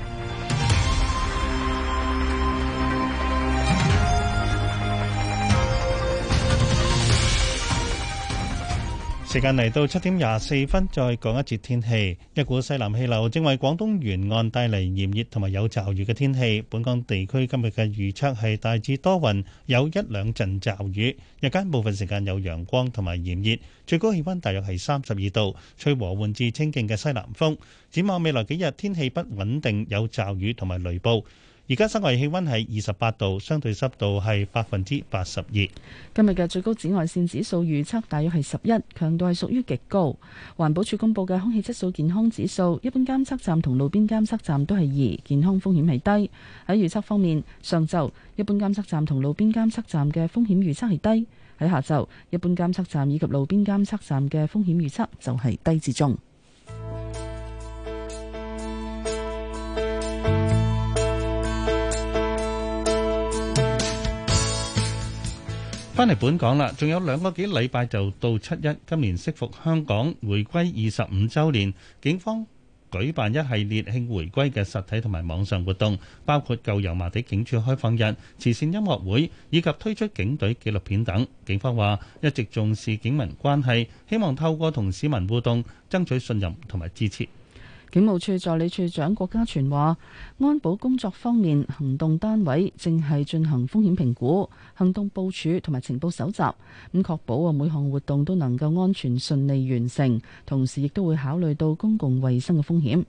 S4: 時間嚟到七點廿四分，再講一節天氣。一股西南氣流正為廣東沿岸帶嚟炎熱同埋有驟雨嘅天氣。本港地區今日嘅預測係大致多雲，有一兩陣驟雨，日間部分時間有陽光同埋炎熱，最高氣溫大約係三十二度，吹和緩至清勁嘅西南風。展望未來幾日，天氣不穩定，有驟雨同埋雷暴。而家室外氣溫係二十八度，相對濕度係百分之八十二。
S3: 今日嘅最高紫外線指數預測大約係十一，強度係屬於極高。環保署公布嘅空氣質素健康指數，一般監測站同路邊監測站都係二，健康風險係低。喺預測方面，上晝一般監測站同路邊監測站嘅風險預測係低；喺下晝一般監測站以及路邊監測站嘅風險預測就係低至中。
S4: 翻嚟本港啦，仲有兩個幾禮拜就到七一，今年適逢香港回歸二十五周年，警方舉辦一系列慶回歸嘅實體同埋網上活動，包括舊油麻地警署開放日、慈善音樂會以及推出警隊紀錄片等。警方話一直重視警民關係，希望透過同市民互動，爭取信任同埋支持。
S3: 警務處助理處長郭家全話：安保工作方面，行動單位正係進行風險評估、行動部署同埋情報搜集，咁、嗯、確保啊每項活動都能夠安全順利完成，同時亦都會考慮到公共衛生嘅風險。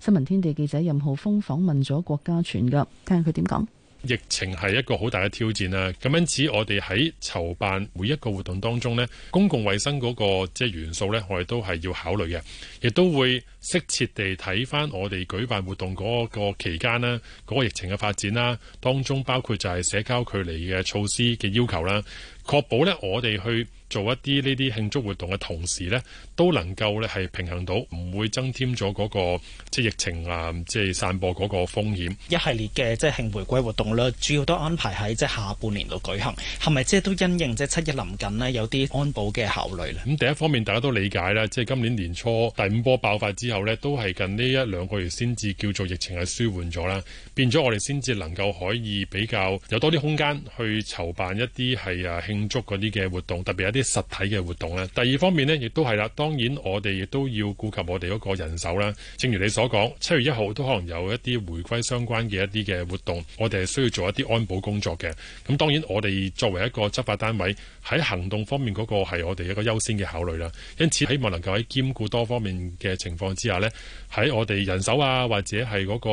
S3: 新聞天地記者任浩峰訪問咗郭家全噶，聽下佢點講。
S7: 疫情係一個好大嘅挑戰啊！咁因此，我哋喺籌辦每一個活動當中，呢公共衛生嗰個即係元素呢，我哋都係要考慮嘅，亦都會。適切地睇翻我哋舉辦活動嗰個期間啦，嗰個疫情嘅發展啦，當中包括就係社交距離嘅措施嘅要求啦，確保呢，我哋去做一啲呢啲慶祝活動嘅同時呢，都能夠呢係平衡到，唔會增添咗嗰個即係疫情啊，即係散播嗰個風險。一系列嘅即係慶回歸活動啦。主要都安排喺即係下半年度舉行，係咪即係都因應即係七一臨近呢有啲安保嘅考慮咧？咁第一方面大家都理解啦，即係今年年初第五波爆發之後呢，都係近呢一兩個月先至叫做疫情係舒緩咗啦，變咗我哋先至能夠可以比較有多啲空間去籌辦一啲係啊慶祝嗰啲嘅活動，特別一啲實體嘅活動啦。第二方面呢，亦都係啦，當然我哋亦都要顧及我哋嗰個人手啦。正如你所講，七月一號都可能有一啲回歸相關嘅一啲嘅活動，我哋係需要做一啲安保工作嘅。咁當然我哋作為一個執法單位喺行動方面嗰個係我哋一個優先嘅考慮啦。因此希望能夠喺兼顧多方面嘅情況。之下呢，喺我哋人手啊，或者係嗰個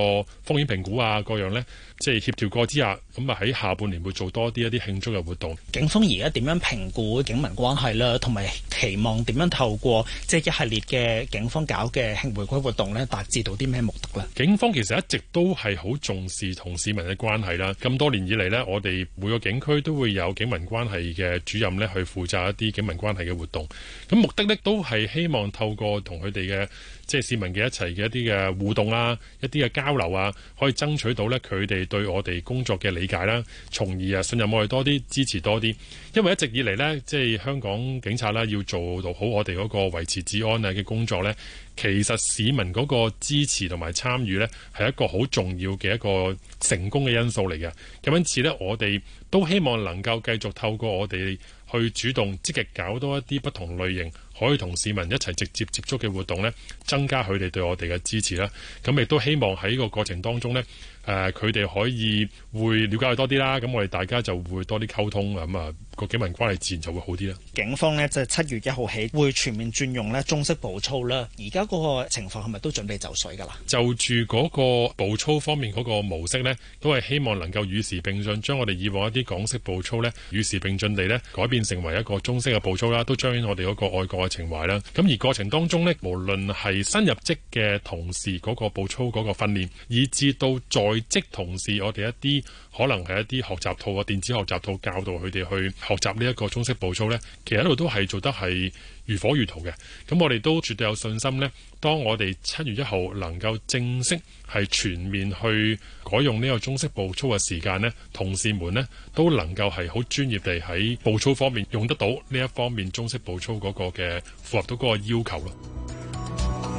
S7: 風險評估啊，各樣呢，即係協調過之下，咁啊喺下半年會做多啲一啲慶祝嘅活動。警方而家點樣評估警民關係啦，同埋期望點樣透過即係一系列嘅警方搞嘅慶回歸活動呢，達至到啲咩目的呢？警方其實一直都係好重視同市民嘅關係啦。咁多年以嚟呢，我哋每個警區都會有警民關係嘅主任呢，去負責一啲警民關係嘅活動，咁目的呢都係希望透過同佢哋嘅。即係市民嘅一齊嘅一啲嘅互動啦、啊，一啲嘅交流啊，可以爭取到呢佢哋對我哋工作嘅理解啦，從而啊信任我哋多啲，支持多啲。因為一直以嚟呢，即係香港警察啦，要做到好我哋嗰個維持治安啊嘅工作呢，其實市民嗰個支持同埋參與呢，係一個好重要嘅一個成功嘅因素嚟嘅。咁因此呢，我哋都希望能夠繼續透過我哋去主動積極搞多一啲不同類型，可以同市民一齊直接接觸嘅活動呢，增加佢哋對我哋嘅支持啦。咁、啊、亦都希望喺呢個過程當中呢，誒佢哋可以會了解佢多啲啦。咁我哋大家就會多啲溝通啊咁啊。個警民關係自然就會好啲啦。
S8: 警方呢，就係七月一號起會全面轉用呢中式步操啦。而家嗰個情況係咪都準備就緒㗎啦？
S7: 就住嗰個步操方面嗰個模式呢，都係希望能夠與時並進，將我哋以往一啲港式步操呢與時並進地呢，改變成為一個中式嘅步操啦。都將我哋嗰個愛國嘅情懷啦。咁而過程當中呢，無論係新入職嘅同事嗰個步操嗰個訓練，以至到在職同事我哋一啲可能係一啲學習套啊、電子學習套，教導佢哋去，學習呢一個中式步操呢，其實一路都係做得係如火如荼嘅。咁我哋都絕對有信心呢，當我哋七月一號能夠正式係全面去改用呢個中式步操嘅時間呢，同事們呢，都能夠係好專業地喺步操方面用得到呢一方面中式步操嗰個嘅符合到嗰個要求咯。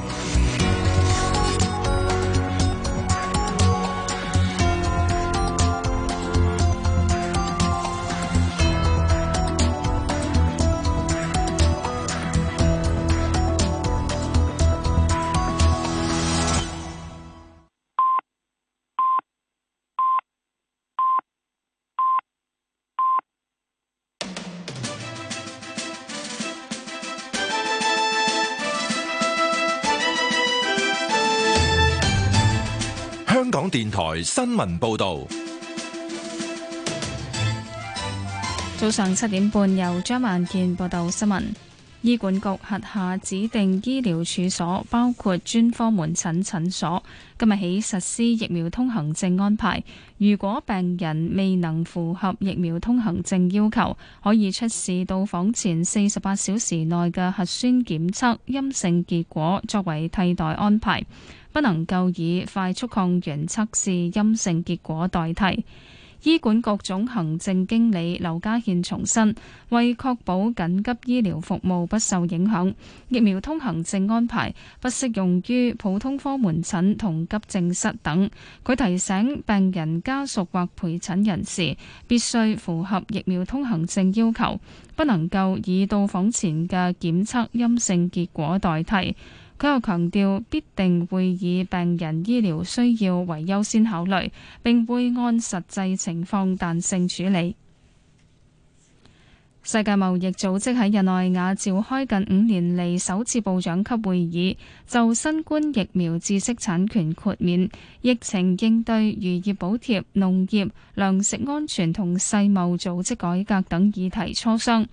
S1: 港電台新聞報道：
S14: 早上七點半，由張萬健報道新聞。醫管局轄下指定醫療處所，包括專科門診診所，今日起實施疫苗通行證安排。如果病人未能符合疫苗通行證要求，可以出示到訪前四十八小時內嘅核酸檢測陰性結果作為替代安排。不能夠以快速抗原測試陰性結果代替。醫管局總行政經理劉家獻重申，為確保緊急醫療服務不受影響，疫苗通行證安排不適用於普通科門診同急症室等。佢提醒病人家屬或陪診人士必須符合疫苗通行證要求，不能夠以到訪前嘅檢測陰性結果代替。佢又強調，必定會以病人醫療需要為優先考慮，並會按實際情況彈性處理。世界貿易組織喺日內瓦召開近五年嚟首次部長級會議，就新冠疫苗知識產權豁免、疫情應對、漁業補貼、農業糧食安全同世貿組織改革等議題磋商。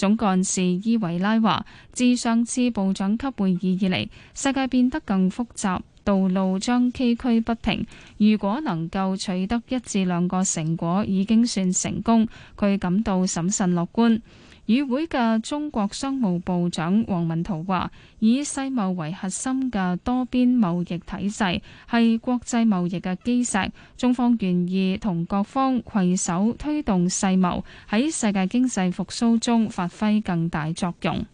S14: 總幹事伊維拉話，自上次部長級會議以嚟，世界變得更複雜，道路將崎嶇不平。如果能夠取得一至兩個成果，已經算成功。佢感到審慎樂觀。與會嘅中國商務部長王文濤話，以世貿為核心嘅多邊貿易體制係國際貿易嘅基石，中方願意同各方攜手推動世貿喺世界經濟復甦中發揮更大作用。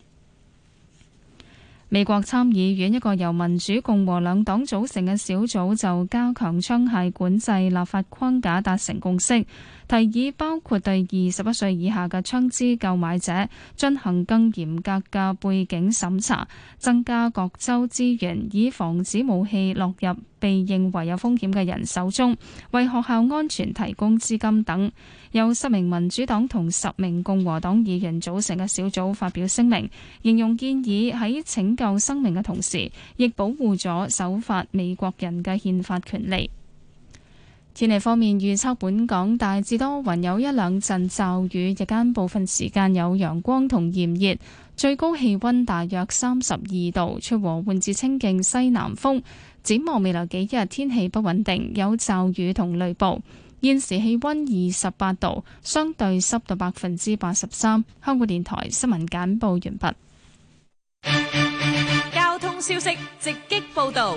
S14: 美國參議院一個由民主共和兩黨組成嘅小組就加強槍械管制立法框架達成共識，提議包括對二十一歲以下嘅槍支購買者進行更嚴格嘅背景審查，增加各州資源以防止武器落入被認為有風險嘅人手中，為學校安全提供資金等。有十名民主黨同十名共和黨議員組成嘅小組發表聲明，形容建議喺拯救生命嘅同時，亦保護咗守法美國人嘅憲法權利。天氣方面，預測本港大致多雲，有一兩陣驟雨，日間部分時間有陽光同炎熱，最高氣溫大約三十二度，出和緩至清勁西南風。展望未來幾日，天氣不穩定，有驟雨同雷暴。現時氣溫二十八度，相對濕度百分之八十三。香港電台新聞簡報完畢。
S2: 交通消息直擊報導。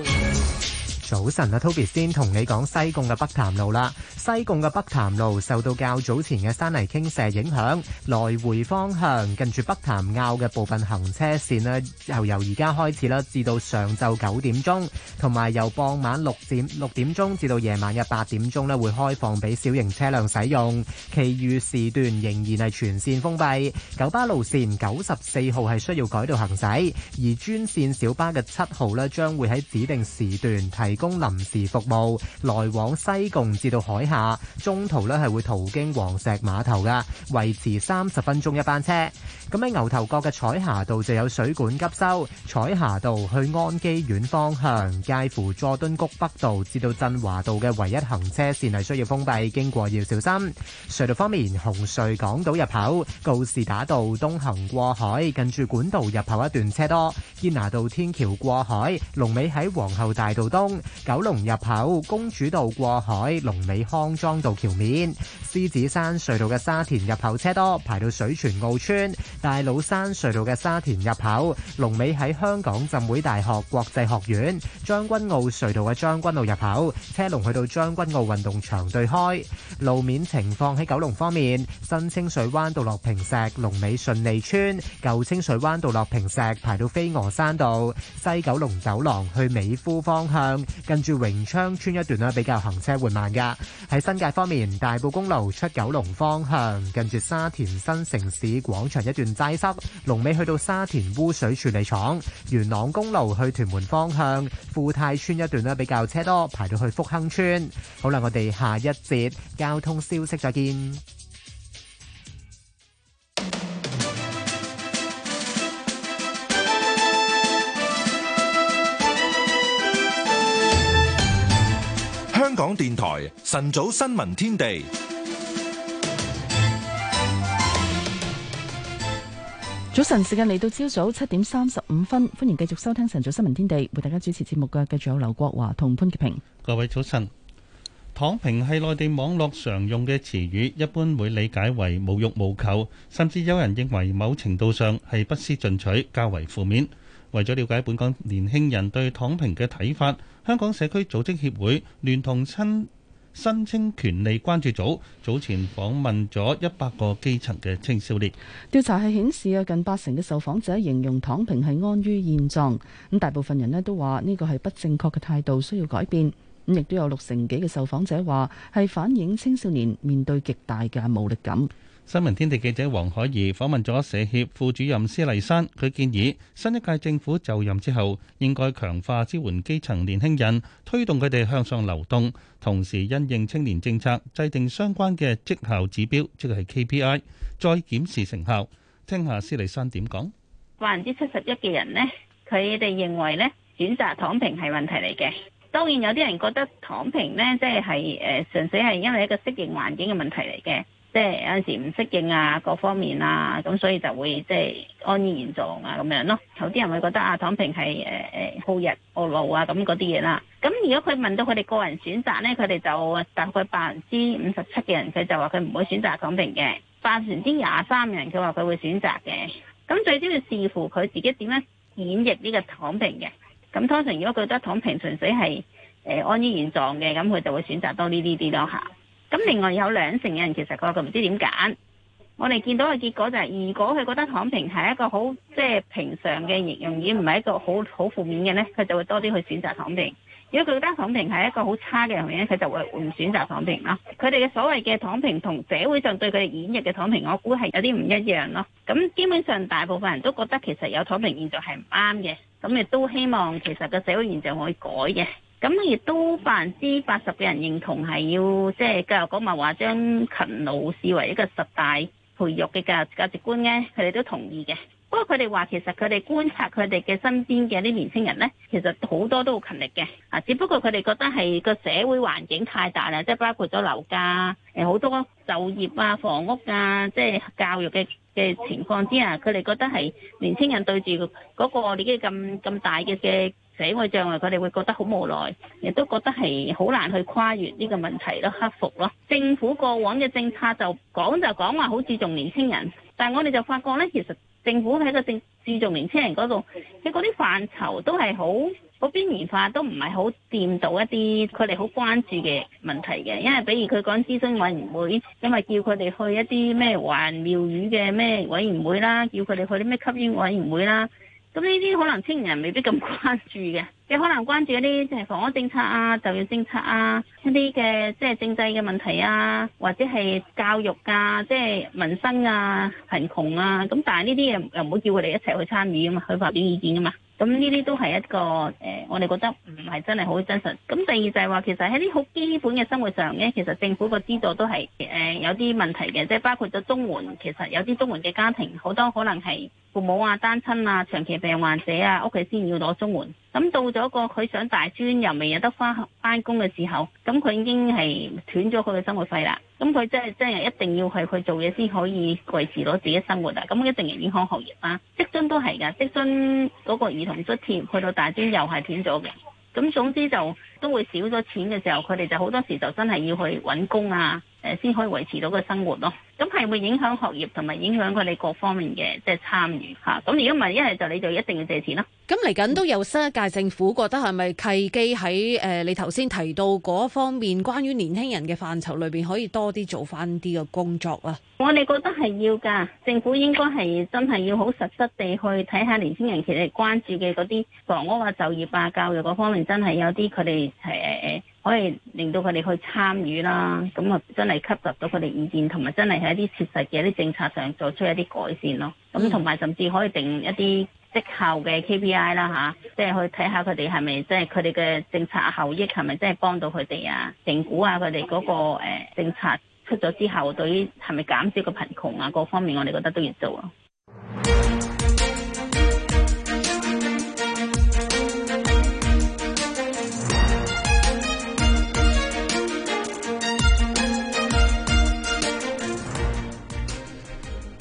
S13: 早晨啊，Toby 先同你講西貢嘅北潭路啦。西貢嘅北潭路受到較早前嘅山泥傾瀉影響，來回方向近住北潭坳嘅部分行車線咧，又由由而家開始啦，至到上晝九點鐘，同埋由傍晚六點六點鐘至到夜晚嘅八點鐘咧，會開放俾小型車輛使用。其餘時段仍然係全線封閉。九巴路線九十四號係需要改道行駛，而專線小巴嘅七號咧，將會喺指定時段提。供臨時服務，來往西貢至到海下，中途咧係會途經黃石碼頭㗎，維持三十分鐘一班車。咁喺牛頭角嘅彩霞道就有水管急修。彩霞道去安基苑方向，介乎佐敦谷北道至到振華道嘅唯一行車線係需要封閉，經過要小心。隧道方面，紅隧港島入口告士打道東行過海，近住管道入口一段車多；堅拿道天橋過海，龍尾喺皇后大道東九龍入口，公主道過海龍尾康莊道橋面；獅子山隧道嘅沙田入口車多，排到水泉澳村。大老山隧道嘅沙田入口，龍尾喺香港浸會大學國際學院；將軍澳隧道嘅將軍澳入口，車龍去到將軍澳運動場對開。路面情況喺九龍方面，新清水灣道落坪石龍尾順利村，舊清水灣道落坪石排到飛鵝山道；西九龍走廊去美孚方向，近住榮昌村一段咧比較行車緩慢噶。喺新界方面，大埔公路出九龍方向，近住沙田新城市廣場一段。擠塞，龍尾去到沙田污水處理廠，元朗公路去屯門方向，富泰村一段咧比較車多，排到去福亨村。好啦，我哋下一節交通消息再見。
S1: 香港電台晨早新聞天地。
S3: 早晨，時間嚟到朝早七點三十五分，歡迎繼續收聽晨早新聞天地。為大家主持節目嘅，繼續有劉國華同潘潔平。
S4: 各位早晨，躺平係內地網絡常用嘅詞語，一般會理解為無欲無求，甚至有人認為某程度上係不思進取，較為負面。為咗了，了解本港年輕人對躺平嘅睇法，香港社區組織協會聯同親。申請權利關注組早前訪問咗一百個基層嘅青少年，
S3: 調查係顯示啊，近八成嘅受訪者形容躺平係安於現狀，咁大部分人呢都話呢個係不正確嘅態度，需要改變，咁亦都有六成幾嘅受訪者話係反映青少年面對極大嘅無力感。
S4: 新聞天地記者黃海怡訪問咗社協副主任施麗珊，佢建議新一屆政府就任之後，應該強化支援基層年輕人，推動佢哋向上流動，同時因應青年政策，制定相關嘅績效指標，即係 KPI，再檢視成效。聽下施麗珊點講？
S19: 百分之七十一嘅人呢，佢哋認為呢選擇躺平係問題嚟嘅。當然有啲人覺得躺平呢，即係誒，純粹係因為一個適應環境嘅問題嚟嘅。即係有陣時唔適應啊，各方面啊，咁所以就會即係安於現狀啊，咁樣咯。有啲人會覺得啊，躺平係誒誒好逸惡勞啊，咁嗰啲嘢啦。咁如果佢問到佢哋個人選擇咧，佢哋就大概百分之五十七嘅人，佢就話佢唔會選擇躺平嘅，百分之廿三人，佢話佢會選擇嘅。咁最主要視乎佢自己點樣演繹呢個躺平嘅。咁通常如果佢覺得躺平純粹係誒、呃、安於現狀嘅，咁佢就會選擇多呢啲啲咯吓。咁另外有兩成嘅人其實個佢唔知點揀，我哋見到嘅結果就係，如果佢覺得躺平係一個好即係平常嘅形容語，唔係一個好好負面嘅呢，佢就會多啲去選擇躺平；如果佢覺得躺平係一個好差嘅形容語，佢就會唔選擇躺平咯。佢哋嘅所謂嘅躺平同社會上對佢哋演繹嘅躺平，我估係有啲唔一樣咯。咁基本上大部分人都覺得其實有躺平現象係唔啱嘅，咁亦都希望其實個社會現象可以改嘅。咁亦都百分之八十嘅人認同係要，即係教育局咪話將勤勞視為一個十大培育嘅教育價值觀咧，佢哋都同意嘅。不過佢哋話其實佢哋觀察佢哋嘅身邊嘅啲年輕人咧，其實好多都好勤力嘅啊，只不過佢哋覺得係個社會環境太大啦，即係包括咗樓價、誒好多就業啊、房屋啊、即係教育嘅嘅情況之下，佢哋覺得係年輕人對住嗰個你嘅咁咁大嘅嘅，社會障礙，佢哋會覺得好無奈，亦都覺得係好難去跨越呢個問題咯，克服咯。政府過往嘅政策就講就講話好注重年青人，但係我哋就發覺呢，其實政府喺個政注重年青人嗰度，佢嗰啲範疇都係好嗰邊緣化，都唔係好掂到一啲佢哋好關注嘅問題嘅。因為比如佢講諮詢委員會，因為叫佢哋去一啲咩華人廟宇嘅咩委員會啦，叫佢哋去啲咩吸煙委員會啦。咁呢啲可能青年人未必咁關注嘅，即可能關注一啲即係房屋政策啊、就業政策啊一啲嘅即係政制嘅問題啊，或者係教育啊，即係民生啊、貧窮啊。咁但係呢啲嘢又唔好叫佢哋一齊去參與吖嘛，去發表意見吖嘛。咁呢啲都係一個，誒、呃，我哋覺得唔係真係好真實。咁第二就係、是、話，其實喺啲好基本嘅生活上咧，其實政府個資助都係誒、呃、有啲問題嘅，即係包括咗綜援，其實有啲綜援嘅家庭，好多可能係父母啊、單親啊、長期病患者啊，屋企先要攞綜援。咁到咗個佢上大專又未有得返返工嘅時候，咁佢已經係斷咗佢嘅生活費啦。咁佢真係真係一定要係去做嘢先可以維持到自己生活啊！咁一定係影響學業啦，職津都係㗎，職津嗰個兒童津貼去到大專又係斷咗嘅，咁總之就。都會少咗錢嘅時候，佢哋就好多時就真係要去揾工啊，誒、呃、先可以維持到個生活咯、啊。咁係會影響學業同埋影響佢哋各方面嘅即係參與嚇。咁如果唔係，一係就你就一定要借錢咯、
S3: 啊。咁嚟緊都有新一屆政府
S2: 覺得係咪契機喺誒你頭先提到嗰方面，關於年輕人嘅範疇裏邊可以多啲做翻啲嘅工作啊？我哋覺得係要㗎，政府
S19: 應該係真係要好實質地去睇下年輕人其實關注嘅嗰啲房屋啊、就業啊、教育嗰方面，真係有啲佢哋。Illed，啊係誒、欸，可以令到佢哋去參與啦。咁啊，真係吸納到佢哋意見，同埋真係喺一啲切實嘅一啲政策上做出一啲改善咯。咁同埋甚至可以定一啲績效嘅 K P I 啦、啊，嚇、啊，即係去睇下佢哋係咪即係佢哋嘅政策效益係咪真係幫到佢哋啊？評估啊，佢哋嗰個、欸、政策出咗之後，對於係咪減少個貧窮啊，各、那個、方面我哋覺得都要做啊。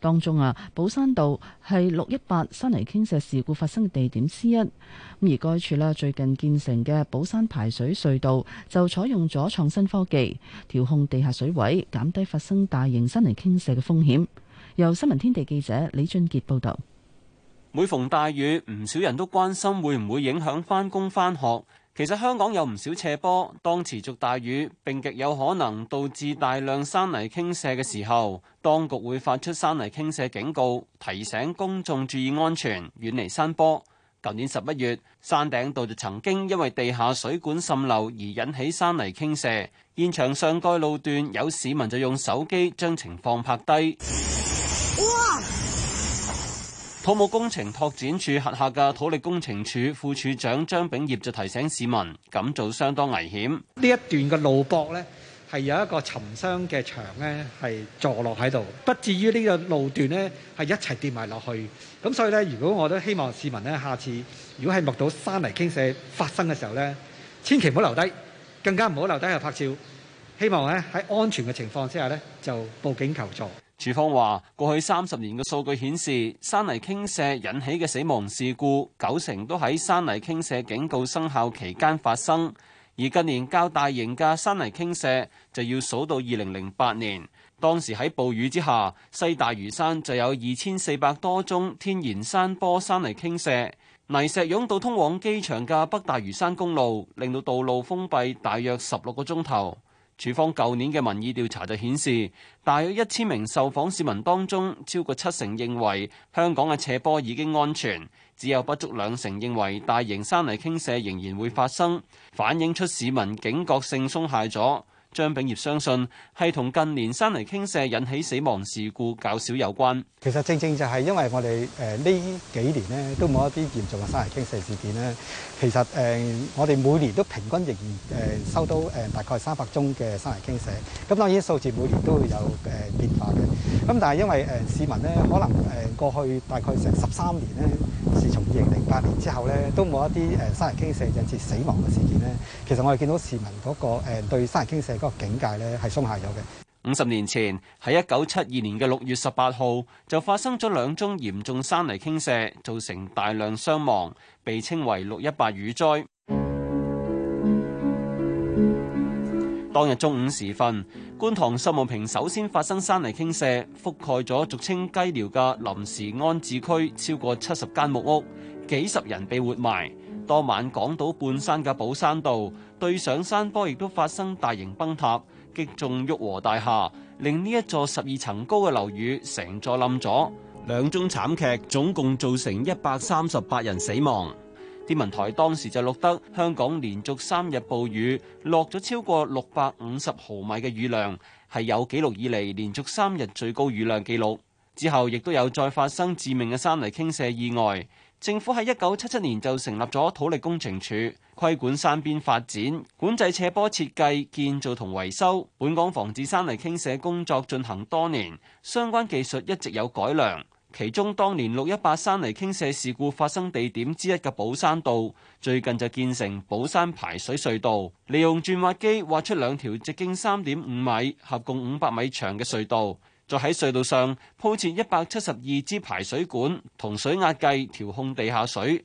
S3: 當中啊，寶山道係六一八山泥傾瀉事故發生嘅地點之一。而該處呢，最近建成嘅寶山排水隧道，就採用咗創新科技，調控地下水位，減低發生大型山泥傾瀉嘅風險。由新聞天地記者李俊傑報導。
S20: 每逢大雨，唔少人都關心會唔會影響返工返學。其實香港有唔少斜坡，當持續大雨並極有可能導致大量山泥傾瀉嘅時候，當局會發出山泥傾瀉警告，提醒公眾注意安全，遠離山坡。舊年十一月，山頂道就曾經因為地下水管滲漏而引起山泥傾瀉，現場上該路段有市民就用手機將情況拍低。土木工程拓展署轄下嘅土力工程署副署長張炳業就提醒市民，咁做相當危險。
S16: 呢一段嘅路膊咧，
S20: 係有一個沉箱嘅牆
S16: 咧，係坐落喺度，不至於呢個路段咧係一齊跌埋落去。咁所以咧，如果我都希望市民咧，下次如果係目睹山泥傾瀉發生嘅時候咧，千祈唔好留低，更加唔好留低去拍照。希望咧喺安全嘅情況之下咧，就報警求助。
S20: 處方話：過去三十年嘅數據顯示，山泥傾瀉引起嘅死亡事故，九成都喺山泥傾瀉警告生效期間發生。而近年較大型嘅山泥傾瀉，就要數到二零零八年，當時喺暴雨之下，西大嶼山就有二千四百多宗天然山坡山泥傾瀉，泥石湧到通往機場嘅北大嶼山公路，令到道路封閉大約十六個鐘頭。處方舊年嘅民意調查就顯示，大約一千名受訪市民當中，超過七成認為香港嘅斜坡已經安全，只有不足兩成認為大型山泥傾瀉仍然會發生，反映出市民警覺性鬆懈咗。張炳業相信係同近年山泥傾瀉引起死亡事故較少有關。
S16: 其實正正就係因為我哋誒呢幾年咧都冇一啲嚴重嘅山泥傾瀉事件咧。其實誒，我哋每年都平均仍誒收到誒大概三百宗嘅山泥傾瀉。咁當然數字每年都會有誒變化嘅。咁但係因為誒市民咧，可能誒過去大概成十三年咧，自從二零零八年之後咧，都冇一啲誒山泥傾瀉引致死亡嘅事件咧。其實我哋見到市民嗰個誒對山泥傾瀉嗰個警戒咧係鬆懈咗嘅。
S20: 五十年前，喺一九七二年嘅六月十八號，就發生咗兩宗嚴重山泥傾瀉，造成大量傷亡，被稱為六一八雨災。 當日中午時分，觀塘秀茂坪首先發生山泥傾瀉，覆蓋咗俗稱雞寮嘅臨時安置區，超過七十間木屋，幾十人被活埋。當晚，港島半山嘅寶山道對上山坡亦都發生大型崩塌，擊中旭龢大廈，令呢一座十二層高嘅樓宇成座冧咗，兩宗慘劇總共造成一百三十八人死亡。天文台當時就錄得香港連續三日暴雨，落咗超過六百五十毫米嘅雨量，係有紀錄以嚟連續三日最高雨量紀錄。之後亦都有再發生致命嘅山泥傾瀉意外。政府喺一九七七年就成立咗土力工程署。規管山邊發展，管制斜坡設計、建造同維修。本港防治山泥傾瀉工作進行多年，相關技術一直有改良。其中，當年六一八山泥傾瀉事故發生地點之一嘅寶山道，最近就建成寶山排水隧道，利用鑽挖機挖出兩條直徑三點五米、合共五百米長嘅隧道，再喺隧道上鋪設一百七十二支排水管同水壓計調控地下水。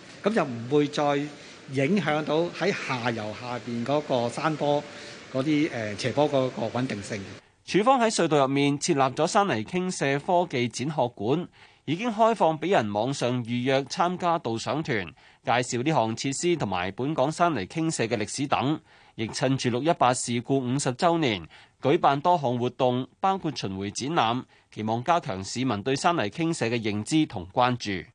S16: 咁就唔會再影響到喺下游下邊嗰個山坡
S20: 嗰啲誒斜坡嗰個穩定性。署方喺隧道入面設立咗山泥傾瀉科技展學館，已經開放俾人網上預約參加導賞團，介紹呢項設施同埋本港山泥傾瀉嘅歷史等。亦趁住六一八事故五十週年，舉辦多項活動，包括巡迴展覽，期望加強市民對山泥傾瀉嘅認知同關注。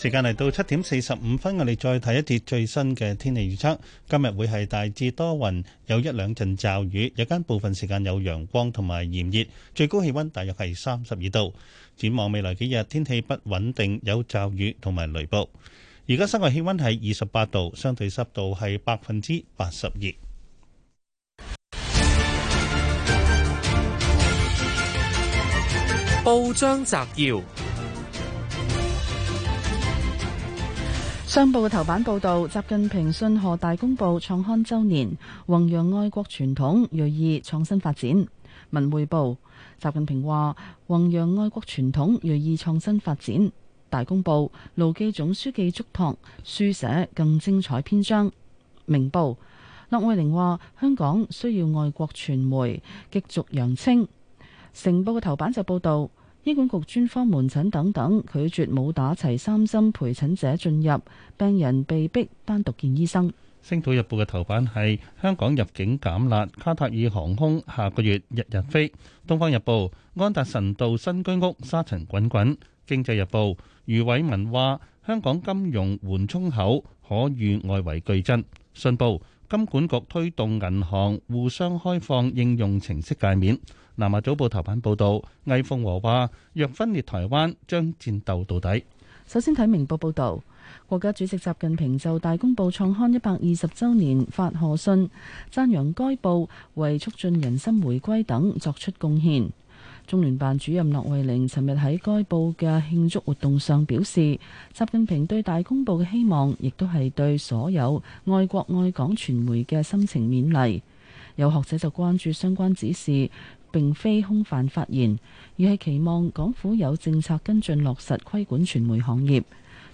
S4: 時間嚟到七點四十五分，我哋再睇一節最新嘅天氣預測。今日會係大致多雲，有一兩陣驟雨，日間部分時間有陽光同埋炎熱，最高氣溫大約係三十二度。展望未來幾日天氣不穩定，有驟雨同埋雷暴。而家室外氣溫係二十八度，相對濕度係百分之八十二。
S12: 報章摘要。
S3: 商報嘅頭版報道，習近平信賀大公報創刊周年，弘揚愛國傳統，銳意創新發展。文匯報，習近平話弘揚愛國傳統，銳意創新發展。大公報，牢記總書記囑託，書寫更精彩篇章。明報，駱惠寧話香港需要愛國傳媒，激濁揚清。成報嘅頭版就報道。醫管局專科門診等等拒絕冇打齊三針陪診者進入，病人被逼單獨見醫生。
S4: 星島日報嘅頭版係香港入境減辣，卡塔爾航空下個月日日飛。東方日報：安達臣道新居屋沙塵滾滾。經濟日報：余偉文話香港金融緩衝口可遇外圍巨震。信報：金管局推動銀行互相開放應用程式界面。南華早報頭版報道，魏鳳和話：若分裂台灣，將戰鬥
S3: 到底。首先睇明報報道，國家主席習近平就《大公報》創刊一百二十周年發賀信，讚揚該報為促進人心回歸等作出貢獻。中聯辦主任駱惠寧尋日喺該報嘅慶祝活動上表示，習近平對《大公報》嘅希望，亦都係對所有愛國愛港傳媒嘅心情勉勵。有學者就關注相關指示。並非空泛發言，而係期望港府有政策跟進落實規管傳媒行業。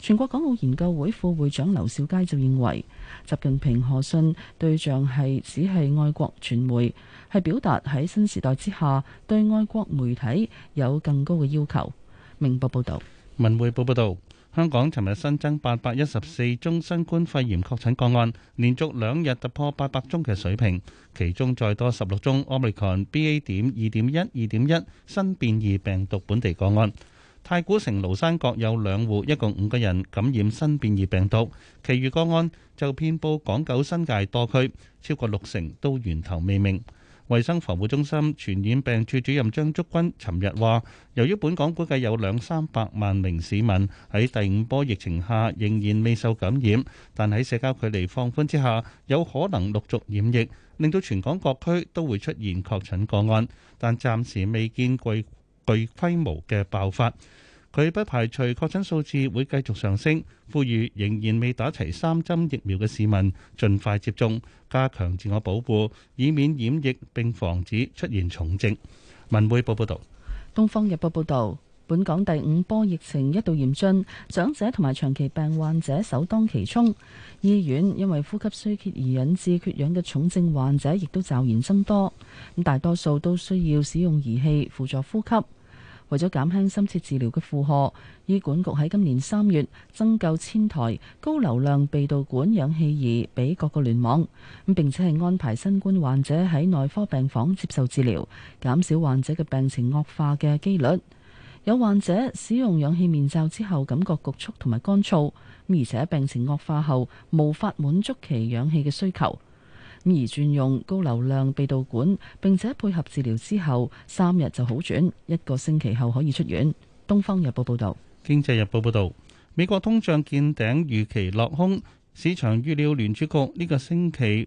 S3: 全國港澳研究會副會長劉兆佳就認為，習近平賀信對象係只係愛國傳媒，係表達喺新時代之下對愛國媒體有更高嘅要求。明報報道，文
S4: 匯報報道。香港尋日新增八百一十四宗新冠肺炎確診個案，連續兩日突破八百宗嘅水平，其中再多十六宗 Omicron BA. 點二點一二點一新變異病毒本地個案。太古城、蘆山各有兩戶，一共五個人感染新變異病毒，其餘個案就遍布港九新界多區，超過六成都源頭未明。衛生防護中心傳染病處主任張竹君尋日話，由於本港估計有兩三百萬名市民喺第五波疫情下仍然未受感染，但喺社交距離放寬之下，有可能陸續染疫，令到全港各區都會出現確診個案，但暫時未見具具規模嘅爆發。佢不排除確診數字會繼續上升，呼籲仍然未打齊三針疫苗嘅市民盡快接種，加強自我保護，以免染疫並防止出現重症。文匯報報道。
S3: 《東方日報》報道，本港第五波疫情一度嚴峻，長者同埋長期病患者首當其衝。醫院因為呼吸衰竭而引致缺氧嘅重症患者亦都驟然增多，咁大多數都需要使用儀器輔助呼吸。為咗減輕深切治療嘅負荷，醫管局喺今年三月增購千台高流量鼻導管氧氣儀俾各個聯網咁，並且係安排新冠患者喺內科病房接受治療，減少患者嘅病情惡化嘅幾率。有患者使用氧氣面罩之後，感覺局促同埋乾燥，而且病情惡化後無法滿足其氧氣嘅需求。咁而轉用高流量鼻導管，並且配合治療之後，三日就好轉，一個星期後可以出院。《東方日報》報道。《經濟
S4: 日報》報道，美國通脹見頂預期落空，市場預料聯儲局呢個星期，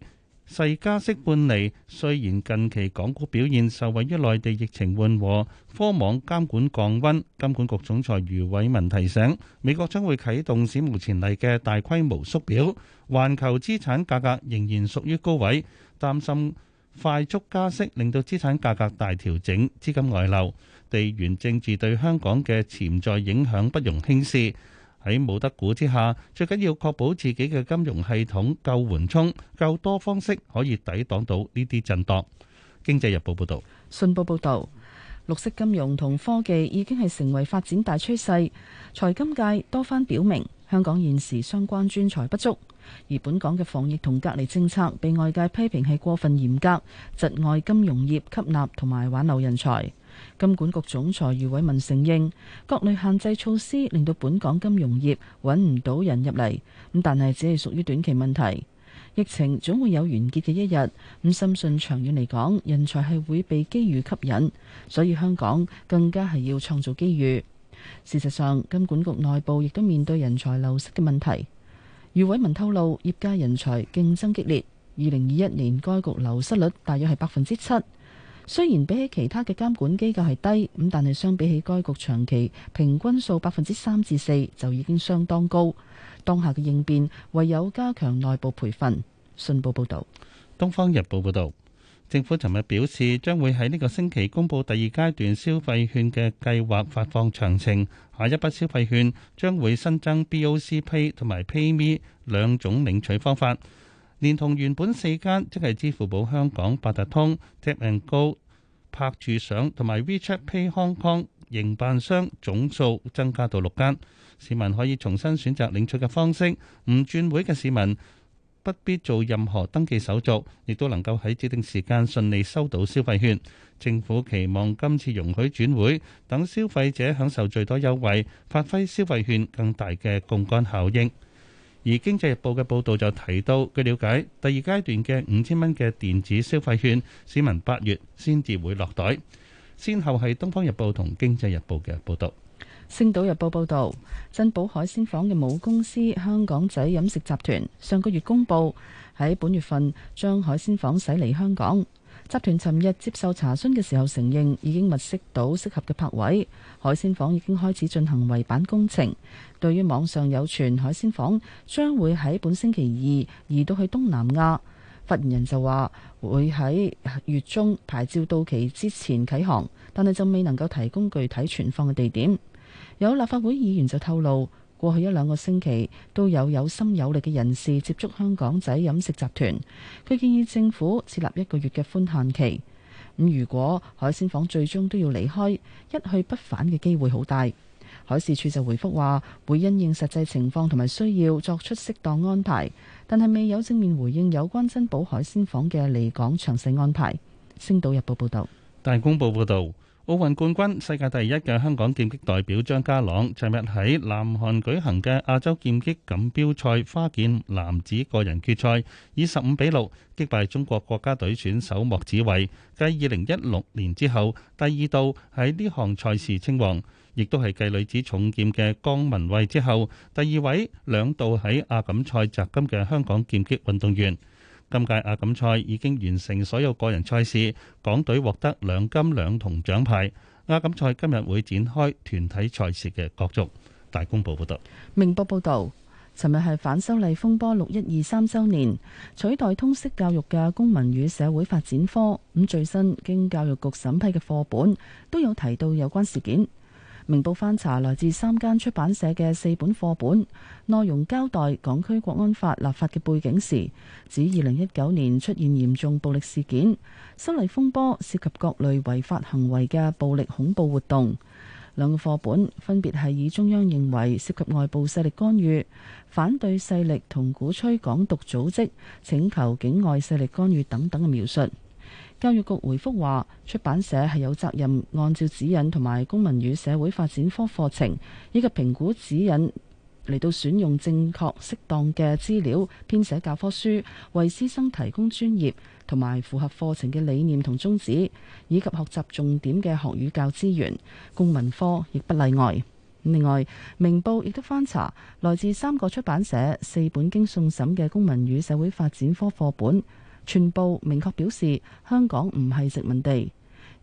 S4: 細加息半厘，雖然近期港股表現受惠於內地疫情緩和、科網監管降溫。金管局總裁余偉文提醒，美國將會啟動史無前例嘅大規模縮表，環球資產價格仍然屬於高位，擔心快速加息令到資產價格大調整、資金外流，地緣政治對香港嘅潛在影響不容輕視。喺冇得估之下，最緊要確保自己嘅金融系統夠緩衝、夠多方式可以抵擋到呢啲震盪。經濟日報報道，
S3: 信報報道，綠色金融同科技已經係成為發展大趨勢。財金界多番表明，香港現時相關專才不足，而本港嘅防疫同隔離政策被外界批評係過分嚴格，窒礙金融業吸納同埋挽留人才。金管局總裁余偉文承認各類限制措施令到本港金融業揾唔到人入嚟，咁但係只係屬於短期問題。疫情總會有完結嘅一日，咁深信長遠嚟講，人才係會被機遇吸引，所以香港更加係要創造機遇。事實上，金管局內部亦都面對人才流失嘅問題。余偉文透露，業界人才競爭激烈，二零二一年該局流失率大約係百分之七。雖然比起其他嘅監管機構係低，咁但係相比起該局長期平均數百分之三至四，就已經相當高。當下嘅應變唯有加強內部培訓。信報報導，
S4: 《東方日報》報導，政府尋日表示將會喺呢個星期公布第二階段消費券嘅計劃發放詳情，下一筆消費券將會新增 BoC Pay 同埋 PayMe 兩種領取方法。連同原本四間，即係支付寶香港、八達通、Tap & Go、拍住賞同埋 WeChat Pay Hong Kong 營辦商，總數增加到六間。市民可以重新選擇領取嘅方式，唔轉會嘅市民不必做任何登記手續，亦都能夠喺指定時間順利收到消費券。政府期望今次容許轉會，等消費者享受最多優惠，發揮消費券更大嘅槓桿效應。而《經濟日報》嘅報導就提到，據了解，第二階段嘅五千蚊嘅電子消費券，市民八月先至會落袋。先後係《東方日報》同《經濟日報》嘅報導，
S3: 《星島日報》報導，珍寶海鮮舫嘅母公司香港仔飲食集團上個月公布，喺本月份將海鮮舫駛離香港。集團尋日接受查詢嘅時候承認，已經物色到適合嘅泊位，海鮮舫已經開始進行圍板工程。對於網上有傳海鮮舫將會喺本星期二移到去東南亞，發言人就話會喺月中牌照到期之前啟航，但係就未能夠提供具體存放嘅地點。有立法會議員就透露，過去一兩個星期都有有心有力嘅人士接觸香港仔飲食集團，佢建議政府設立一個月嘅寬限期。咁如果海鮮房最終都要離開，一去不返嘅機會好大。海事處就回覆話，會因應實際情況同埋需要作出適當安排，但係未有正面回應有關珍寶海鮮房嘅離港詳細安排。星島日報報道。大
S4: 公報報道。奧運冠軍、世界第一嘅香港劍擊代表張家朗，尋日喺南韓舉行嘅亞洲劍擊錦標賽花劍男子個人決賽，以十五比六擊敗中國國家隊選手莫子偉，繼二零一六年之後第二度喺呢項賽事稱王，亦都係繼女子重劍嘅江文蔚之後第二位兩度喺亞錦賽摘金嘅香港劍擊運動員。今屆亞錦賽已經完成所有個人賽事，港隊獲得兩金兩銅獎牌。亞錦賽今日會展開團體賽事嘅角逐。大
S3: 公報報道，明報報道，尋日係反修例風波六一二三週年，取代通識教育嘅公民與社會發展科，咁最新經教育局審批嘅課本都有提到有關事件。明報翻查來自三間出版社嘅四本課本內容，交代港區國安法立法嘅背景時，指二零一九年出現嚴重暴力事件、修例風波涉及各類違法行為嘅暴力恐怖活動。兩個課本分別係以中央認為涉及外部勢力干預、反對勢力同鼓吹港獨組織、請求境外勢力干預等等嘅描述。教育局回覆話：出版社係有責任按照指引同埋公民與社會發展科課程以及評估指引嚟到選用正確適當嘅資料編寫教科書，為師生提供專業同埋符合課程嘅理念同宗旨，以及學習重點嘅學與教資源。公民科亦不例外。另外，明報亦都翻查來自三個出版社四本經送審嘅公民與社會發展科課本。全部明確表示香港唔係殖民地。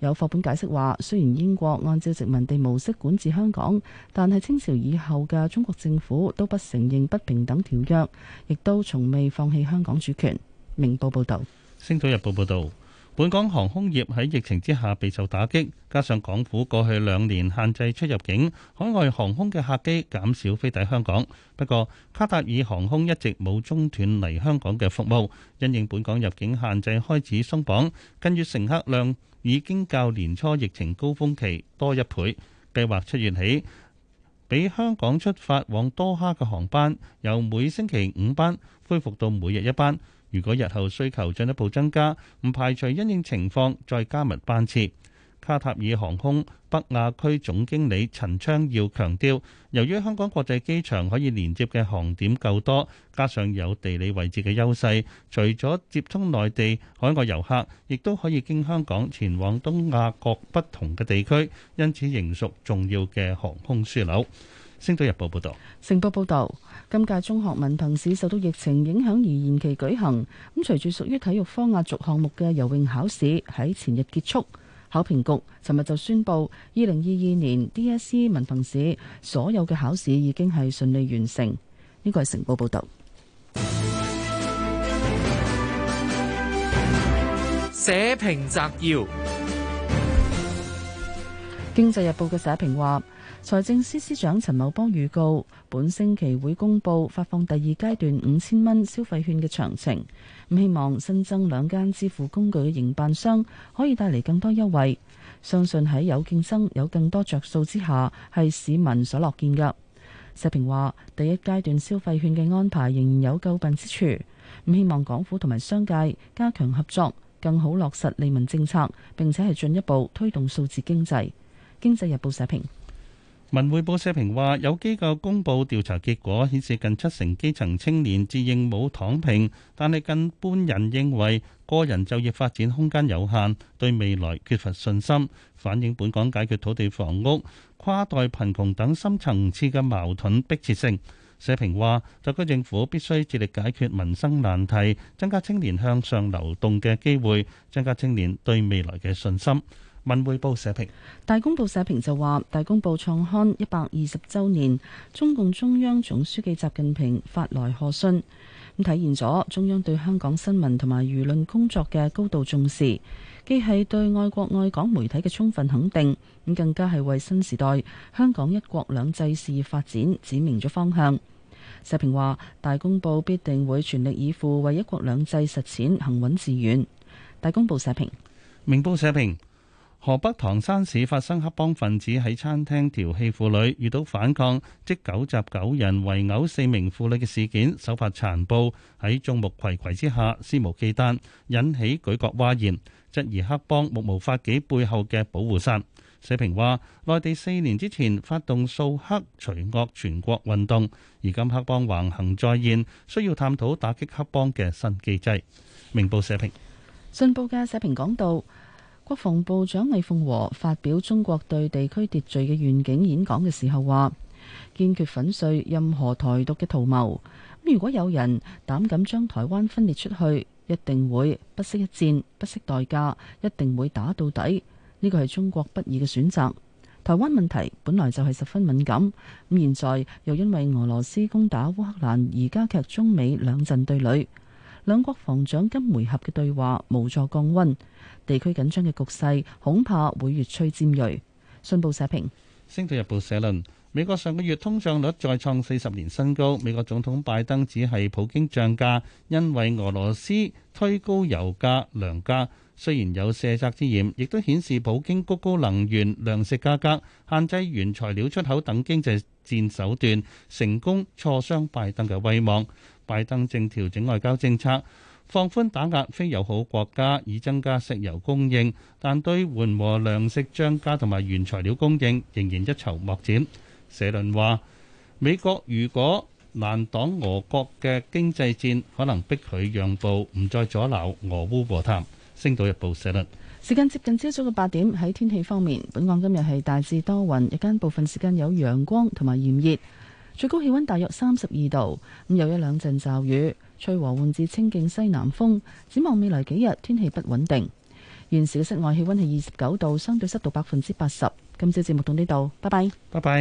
S3: 有課本解釋話，雖然英國按照殖民地模式管治香港，但係清朝以後嘅中國政府都不承認不平等條約，亦都從未放棄香港主權，明報報道。
S4: 星島日報報道。本港航空業喺疫情之下備受打擊，加上港府過去兩年限制出入境，海外航空嘅客機減少飛抵香港。不過，卡塔爾航空一直冇中斷嚟香港嘅服務，因應本港入境限制開始鬆綁，近月乘客量已經較年初疫情高峰期多一倍。計劃七月起，俾香港出發往多哈嘅航班由每星期五班恢復到每日一班。如果日後需求進一步增加，唔排除因應情況再加密班次。卡塔爾航空北亞區總經理陳昌耀強調，由於香港國際機場可以連接嘅航點夠多，加上有地理位置嘅優勢，除咗接通內地、海外遊客，亦都可以經香港前往東亞各不同嘅地區，因此仍屬重要嘅航空樞紐。星島日報報道，
S3: 成報報道，今屆中學文憑試受到疫情影響而延期舉行。咁，隨住屬於體育科壓軸項目嘅游泳考試喺前日結束，考評局尋日就宣佈，二零二二年 DSE 文憑試所有嘅考試已經係順利完成。呢個係成報報道。
S12: 社評摘要。
S3: 經濟日報嘅社評話。財政司司長陳茂波預告，本星期會公布發放第二階段五千蚊消費券嘅詳情。咁希望新增兩間支付工具嘅營辦商可以帶嚟更多優惠。相信喺有競爭、有更多着數之下，係市民所樂見嘅。社評話：第一階段消費券嘅安排仍然有救笨之處。咁希望港府同埋商界加強合作，更好落實利民政策，並且係進一步推動數字經濟。經濟日報社評。
S4: 文匯報社評話，有機構公佈調查結果顯示，近七成基層青年自認冇躺平，但係近半人認為個人就業發展空間有限，對未來缺乏信心，反映本港解決土地、房屋、跨代貧窮等深層次嘅矛盾迫切性。社評話，特區政府必須致力解決民生難題，增加青年向上流動嘅機會，增加青年對未來嘅信心。文
S3: 匯報社評，大公報社評就話：大公報創刊一百二十周年，中共中央總書記習近平發來賀信，咁體現咗中央對香港新聞同埋輿論工作嘅高度重視，既係對愛國愛港媒體嘅充分肯定，咁更加係為新時代香港一國兩制事業發展指明咗方向。社評話：大公報必定會全力以赴為一國兩制實踐行穩致遠。大公報社評，明報社評。河
S4: 北唐山市發生黑幫分子喺餐廳調戲婦女，遇到反抗即糾集九人圍毆四名婦女嘅事件，手法殘暴，喺眾目睽睽之下肆無忌憚，引起舉國譁然，質疑黑幫目無法紀背後嘅保護傘。社評話：內地四年之前發動掃黑除惡全國運動，而今黑幫橫行再現，需要探討打擊黑幫嘅新機制。明報社評，
S3: 信報嘅社評講到。國防部長魏鳳和發表中國對地區秩序嘅願景演講嘅時候話：堅決粉碎任何台獨嘅圖謀。如果有人膽敢將台灣分裂出去，一定會不惜一戰，不惜代價，一定會打到底。呢個係中國不二嘅選擇。台灣問題本來就係十分敏感，咁現在又因為俄羅斯攻打烏克蘭而加劇中美兩陣對壘，兩國防長今回合嘅對話無助降温。地區緊張嘅局勢恐怕會越趨尖鋭。信報社評，
S4: 《星島日報》社論：美國上個月通脹率再創四十年新高。美國總統拜登指係普京漲價，因為俄羅斯推高油價糧價。雖然有卸責之嫌，亦都顯示普京谷高能源糧食價格、限制原材料出口等經濟戰手段成功挫傷拜登嘅威望。拜登正調整外交政策。放寬打壓非友好國家以增加石油供應，但對緩和糧食漲價同埋原材料供應仍然一籌莫展。社論話：美國如果難擋俄國嘅經濟戰，可能逼佢讓步，唔再阻撓俄烏和談。星島日報社論。
S3: 時間接近朝早嘅八點，喺天氣方面，本港今日係大致多雲，日間部分時間有陽光同埋炎熱。最高氣溫大約三十二度，咁有一兩陣驟雨，吹和緩至清勁西南風，展望未來幾日天氣不穩定。現時嘅室外氣溫係二十九度，相對
S14: 濕度百分之八十。今朝節目到呢度，拜拜，拜拜。